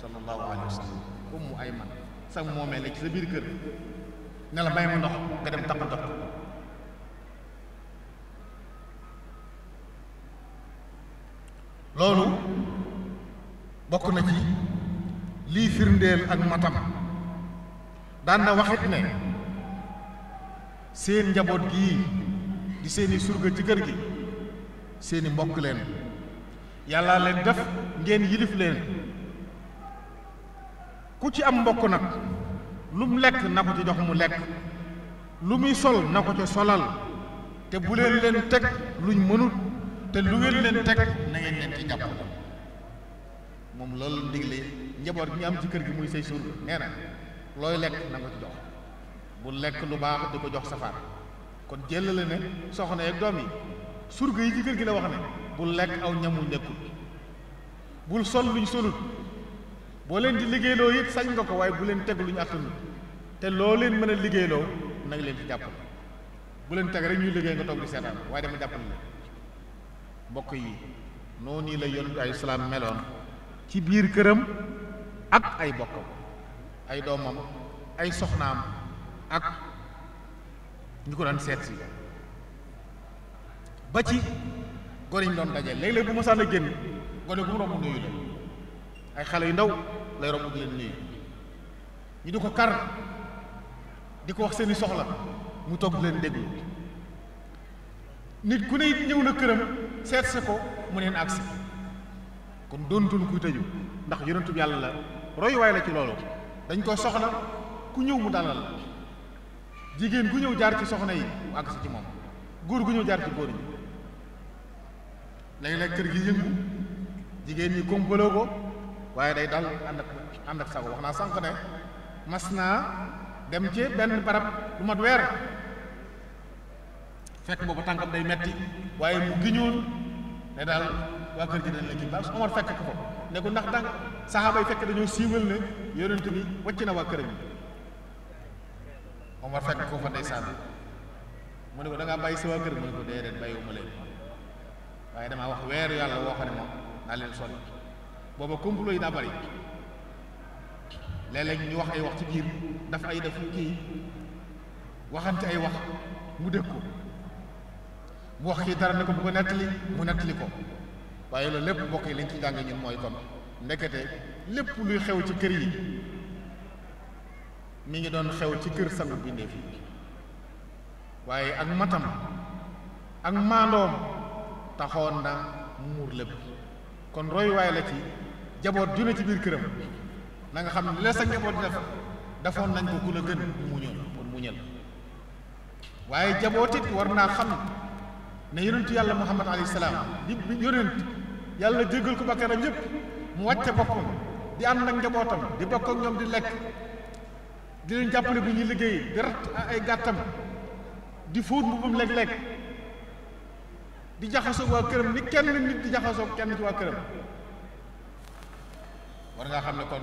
sallallahu alayhi wa sallam ummu sax moomee la ci sa biir kër ne la may ndox nga dem tàq ndox loolu bokk na ci lii firndeel ak matam daan na waxit ne seen njaboot gii di seeni surga ci kër gi seeni mbokk leen yàlla leen def ngeen yilif leen ku ci am mbokk nag lu lekk na ko ci jox mu lekk lu muy sol na ko ca solal te bu leen leen teg luñ mënut te lu ngeen leen teg na ngeen leen ci jàpp moom loolu ndigle njaboot gi ñu am ci kër gi muy say surga nee na looy lekk na ko ci jox bu lekk lu baax di ko jox safaan kon jël la ne soxna yeeg doom yi surga yi ci kër gi la wax ne bul lekk aw ñam wu nekkul bul sol luñ solut boo leen di liggéeyloo it sañ nga ko waaye bu leen teg luñ te loo leen mën a liggéeyloo nag leen ci jàppal bu leen teg rek ñuy liggéey nga toog di seetaan waaye dama jàppal la mbokk yi noonu nii la yoon bi ay salaam meloon ci biir këram ak ay bokkam ay doomam ay soxnaam ak ñu ko daan seet ba ci gone yi ñu doon daje léeg-léeg bu ma sànn génn gone bu mu romb nuyu leen ay xale yu ndaw lay romb di leen nuyu ñu di ko kar di ko wax seeni soxla mu toog di leen déglu nit ku ne ñëw na këram seet si ko mu neen agsi kon doontul kuy tëju ndax yonentub yàlla la royuwaay la ci loolu dañ koo soxla ku ñëw mu dalal la jigéen gu ñëw jaar ci soxna yi mu àgg si ci moom góor gu ñëw jaar ci góor ñi léeg-léeg kër gi yëngu jigéen ñi kombaloo ko waaye day dal ànd ak ànd ak sago wax naa sànq ne mas naa dem ci benn barab lu mat weer fekk boobu tànkam day metti waaye mu giñoon ne daal waa kër gi dañ la gimbal su Omar fekk ko ne ko ndax dang saxaaba yi fekk dañoo siiwal ne yonent bi wàcc na waa këram yi Omar fekk ko fa ndeysaan mu ne ko da ngaa si sama kër mu ne ko déedéet bàyyiwuma leen waaye damaa wax weeru yàlla woo xam ne moom naa leen sori booba complot yi daa bari léeg-léeg ñu wax ay wax ci biir daf ay def kii waxante ay wax mu dégg ko mu wax kii dara ne ko bu ko nettali mu nettali ko waaye loolu lépp mbokk yi liñ ci jàng ñun mooy kon ndekete lépp luy xew ci kër yi mi ngi doon xew ci kër sangu bindeef yi waaye ak matam ak maandoom taxoon na muur lépp kon royuwaay la ci jaboot ju ci biir këram na nga xam ne la sa njaboot def defoon nañ ko ku la gën muñal pour muñal waaye jaboot war naa xam ne yonentu yàlla muhammad alayhi salaam di yonent yàlla jéggal ko ba bakkaram yépp mu wàcce boppam di ànd ak njabootam di bokk ak ñoom di lekk di leen jàppale bi ñu liggéey di rat ay gàttam di fóot mbubbam léeg-léeg di jaxasoo waa këram ni kenn nit di jaxasoo kenn ci waa këram war ngaa xam ne kon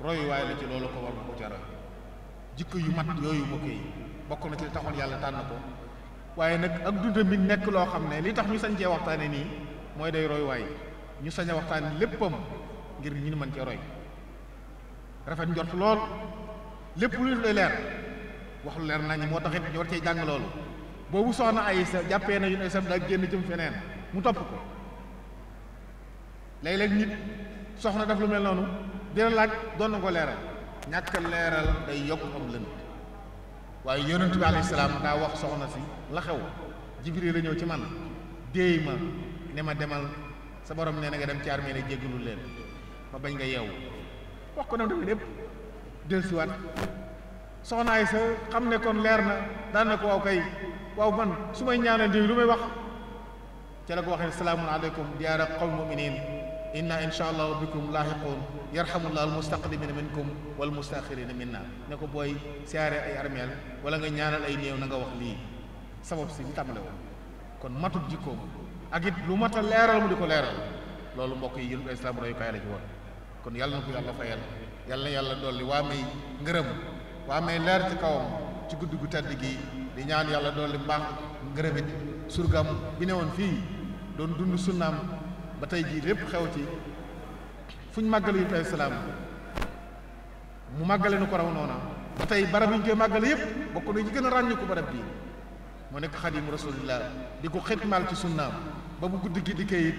royuwaay la ci loolu ko war bu ko ca roy jikko yu mat yooyu mbokk yi bokk na ci li taxoon yàlla tànn ko waaye nag ak dundam mi nekk loo xam ne li tax ñu sañ cee waxtaane nii mooy day royuwaay ñu sañ a waxtaane léppam ngir ñi mën cee roy rafet njort lool lépp lu leer wax leer nañ moo taxit ñu war cee jàng loolu boobu soxna ay Aysa jàppee na yu sa sam daa génn jëm feneen mu topp ko léeg-léeg nit soxna daf lu mel noonu dina laaj doon na ko leeral ñàkk leeral day yokk am lënd waaye yonent bi alayhi salaam daa wax soxna si la xew yi la ñëw ci man déey ma ne ma demal sa boroom nee na nga dem ci armée ne jéggalu leen ma bañ nga yeewu wax ko nam tamit lépp si dellusiwaat soxnaay sa xam ne kon leer na daan na ko waaw kay waaw man su may ñaanal diw lu may wax ca la ko waxee salaamun aleykum diyaara qawm muminin inna insha allahu bikum laaxiqun yarhamullah a minkum wal mustaxirina minna ne ko booy siyaare ay armeel wala nga ñaanal ay néew na wax lii sabab si bi tàmbale kon matut jikkoom ak it lu mat a leeral mu di ko leeral loolu mbokk yi yëpp islam royukaay la ci woon kon yàlla na yàlla dolli waa may ngërëm waa may leer ci kawam ci guddi gu tedd gi di ñaan yàlla dolli mbaax ngërëm it surgam bi ne woon fii doon dund sunnaam ba tey jii lépp xew ci fu ñu màggale yit mu màggale nu ko raw noona ba tey barab yi ñu màggale yëpp bokk na yi gën a ràññiku barab bii mu nekk yi xadimu rasulillah di ko xitmaal ci sunnaam ba mu guddi gi dikkee it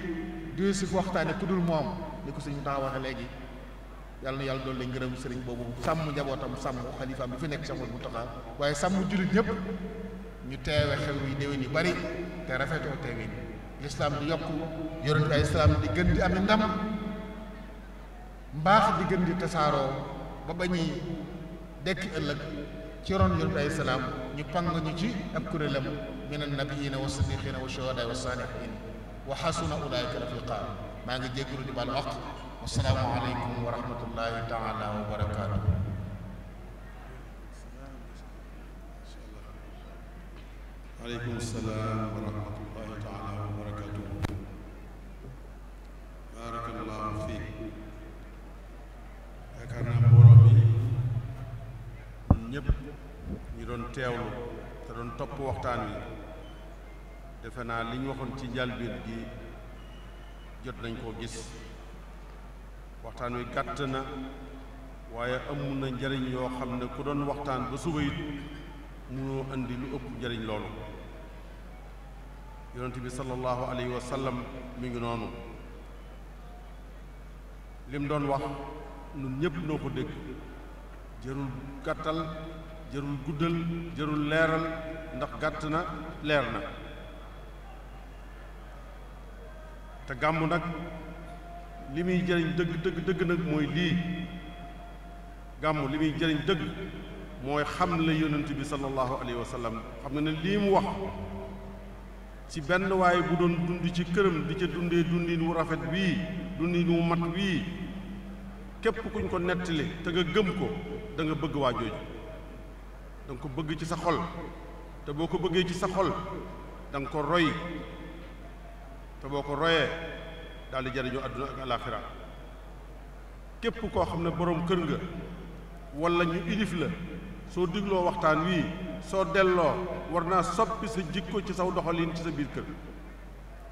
di si waxtaane ku dul moom ni ko suñu taa waxe léegi yàlla na yàlla doon lañ ngërëm sëriñ boobu sàmm njabootam sàmm xalifaam bi fi nekk Cheikh bu taxaa waaye sàmm jullit ñëpp ñu teewe xew yi déwén yu bari te rafetoo teewin lislaam di yokk yonent ay islaam di gën di am ndam mbaax di gën di tasaaroo ba ba ñuy dekki ëllëg ci ron yonent ay islaam ñu pang ñu ci ab kuréelam min annabiyina wa siddiqina wa shuhada wa saalihin wa xasuna ulaika rafiqa maa ngi jéggalu di baal wax asalaamaaleykum wa rahmatullahi taala wa barakaatu aleykum salaam wa rahmatullahi taala wa barakaatu baarakallahu ñu doon teewlu te doon topp waxtaan wi defe naa li waxoon ci njëlbéen gi jot nañ koo gis waxtaan wi gàtt na waaye amun na njariñ yoo xam ne ku doon waxtaan ba suba it munoo indi lu ëpp njariñ loolu yonent bi sallallahu alayhi wa sallam mi ngi noonu lim doon wax nun ñépp noo ko dégg jërul gàttal jërul guddal jërul leeral ndax gàtt na leer na te gàmm nag li muy jëriñ dëgg dëgg dëgg nag mooy lii gàmm li muy jëriñ dëgg mooy xam la yonent bi sallallahu alayhi wa sallam xam nga ne lii mu wax ci benn waaye bu doon dund ci këram di ca dundee dundin wu rafet wii dundin wu mat wii képp kuñ ko nettali te nga gëm ko danga bëgg waa jooju da ko bëgg ci sa xol te boo ko bëggee ci sa xol danga ko roy te boo ko royee daal di jariñu àdduna ak alaaxira képp koo xam ne boroom kër nga walla ñu ilif la soo digloo waxtaan wii soo delloo war naa soppi sa jikko ci saw doxalin ci sa biir kër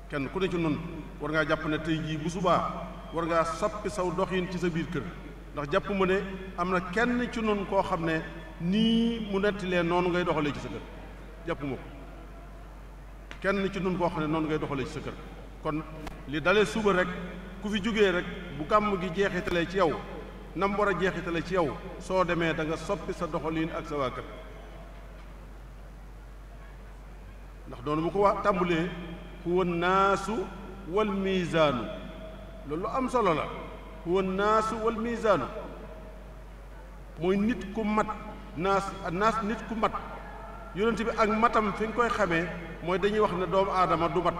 kenn ku ne ci nun war ngaa jàpp ne tey jii bu subaa war ngaa soppi saw doxin ci sa biir kër ndax jàpp ne am na kenn ci nun koo xam ne nii mu nettilee noonu ngay doxalee ci sa kër jàpp ko kenn ci nun koo xam ne noonu ngay doxalee ci sa kër li dalee suba rek ku fi jógee rek bu kàmm gi jeexitalee ci yow nam war a jeexitale ci yow soo demee da nga soppi sa doxalin ak sa waa kër ndax doonu bu ko waa tàmbulee huwa naasu wal miisaanu loolu lu am solo la huwa naasu wal miisaanu mooy nit ku mat naas naas nit ku mat yonent bi ak matam fi nga koy xamee mooy dañuy wax ne doomu aadama du mat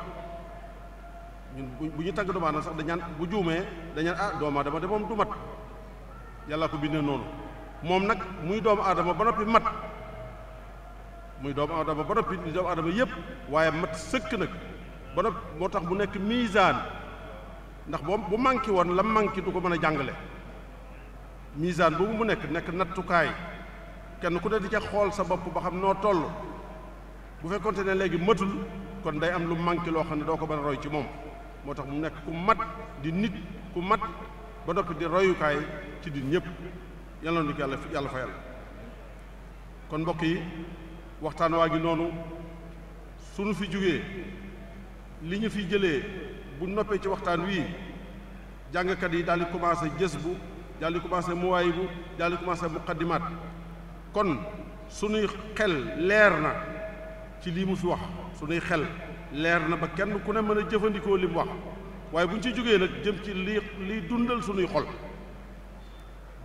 ñun bu ñu tagg doomu aadama sax dañaan bu juumee dañaan ah doomu aadama de moom du mat yàlla ko bindee noonu moom nag muy doomu aadama ba noppi mat muy doomu aadama ba noppi di doomu aadama yëpp waaye mat sëkk nag ba noppi moo tax mu nekk misaan ndax boo bu manqué woon la manqué du ko mën a jàngale misaan boobu mu nekk nekk nattukaay kenn ku ne di ca xool sa bopp ba xam noo toll bu fekkonte ne léegi matul kon day am lu manqué loo xam ne doo ko mën a roy ci moom moo tax mu nekk ku mat di nit ku mat ba noppi di royukaay ci di ñëpp yàlla na yàlla yàlla kon mbokk yi waxtaan waa gi noonu sunu fi jógee li ñu fi jëlee bu noppee ci waxtaan wii jàngkat yi daal di commencé jës bu daal di commencé muwaay bu daal di commencé muqaddimaat kon sunuy xel leer na ci lii mu fi wax sunuy xel leer na ba kenn ku ne mën a jëfandikoo li mu wax waaye bu ñu ci jógee nag jëm ci lii liy dundal sunuy xol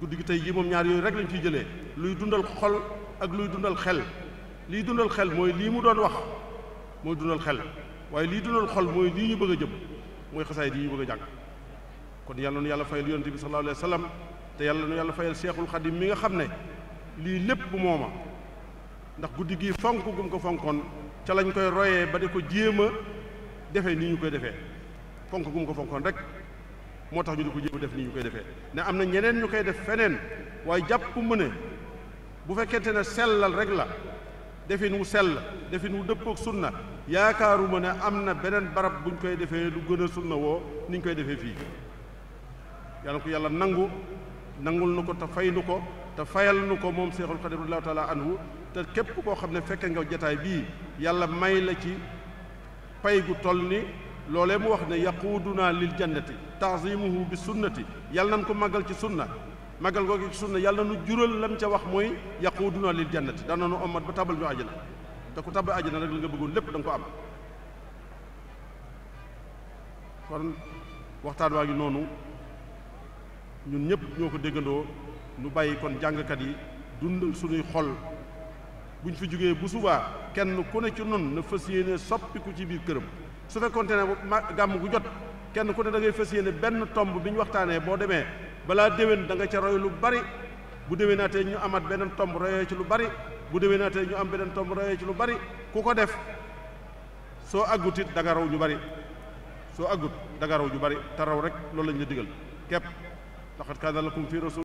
guddi gi tey jii moom ñaari yooyu rek lañ ciy jëlee luy dundal xol ak luy dundal xel liy dundal xel mooy lii mu doon wax mooy dundal xel waaye liy dundal xol mooy lii ñu bëgg a jëm mooy xasaay yi ñu bëgg a jàng kon yàlla nu yàlla fayal yonent bi sallallahu alayhi wa sallam te yàlla nu yàlla fayal seexul xadim mi nga xam ne lii lépp bu mooma ndax guddi gii fonk ko fonkoon ca lañ koy royee ba di ko jéem a defee nii ñu koy defee fonk gum ko fonkoon rek moo tax ñu di ko jéem def nii ñu koy defee ne am na ñeneen ñu koy def feneen waaye jàpp mu ne bu fekkente ne sellal rek la defin wu sell defin wu dëppook sunna yaakaaruma ne am na beneen barab buñ koy defee lu gën a sunna woo ni koy defee fii yàlla ko yàlla nangu nangul nu ko te fay nu ko te fayal nu ko moom Seexul Xadiim radiyallaahu taala anhu te képp koo xam ne fekke nga jataay bii yàlla may la ci pay gu toll ni loolee mu wax ne yaquuduna lil jannati taazimuhu bi sunnati yàlla nañ ko màggal ci sunna màggal googu ci sunna yàlla nu jural lam ca wax mooy yaquuduna lil jannati dana nu ommat ba tabal ñu àjjana te ku tabal àjjana rek li nga bëggoon lépp da nga ko am kon waxtaan waa ngi noonu ñun ñëpp ñoo ko déggandoo nu bàyyi kon jàngkat yi dundal suñuy xol buñ fi jógee bu subaa kenn ku ne ci nun na fas yéene soppiku ci biir këram su fekkonte ne gàmm gu jot kenn ku ne da ngay fas yéene benn tomb bi ñu waxtaanee boo demee balaa déwén da nga ca roy lu bari bu déwénaatee ñu amaat beneen tomb royee ci lu bari bu déwénaatee ñu am beneen tomb royee ci lu bari ku ko def soo àggut it da raw ñu bari soo àggut da raw ñu bari te raw rek loolu lañ la digal képp laqad kaana lakum fi rasul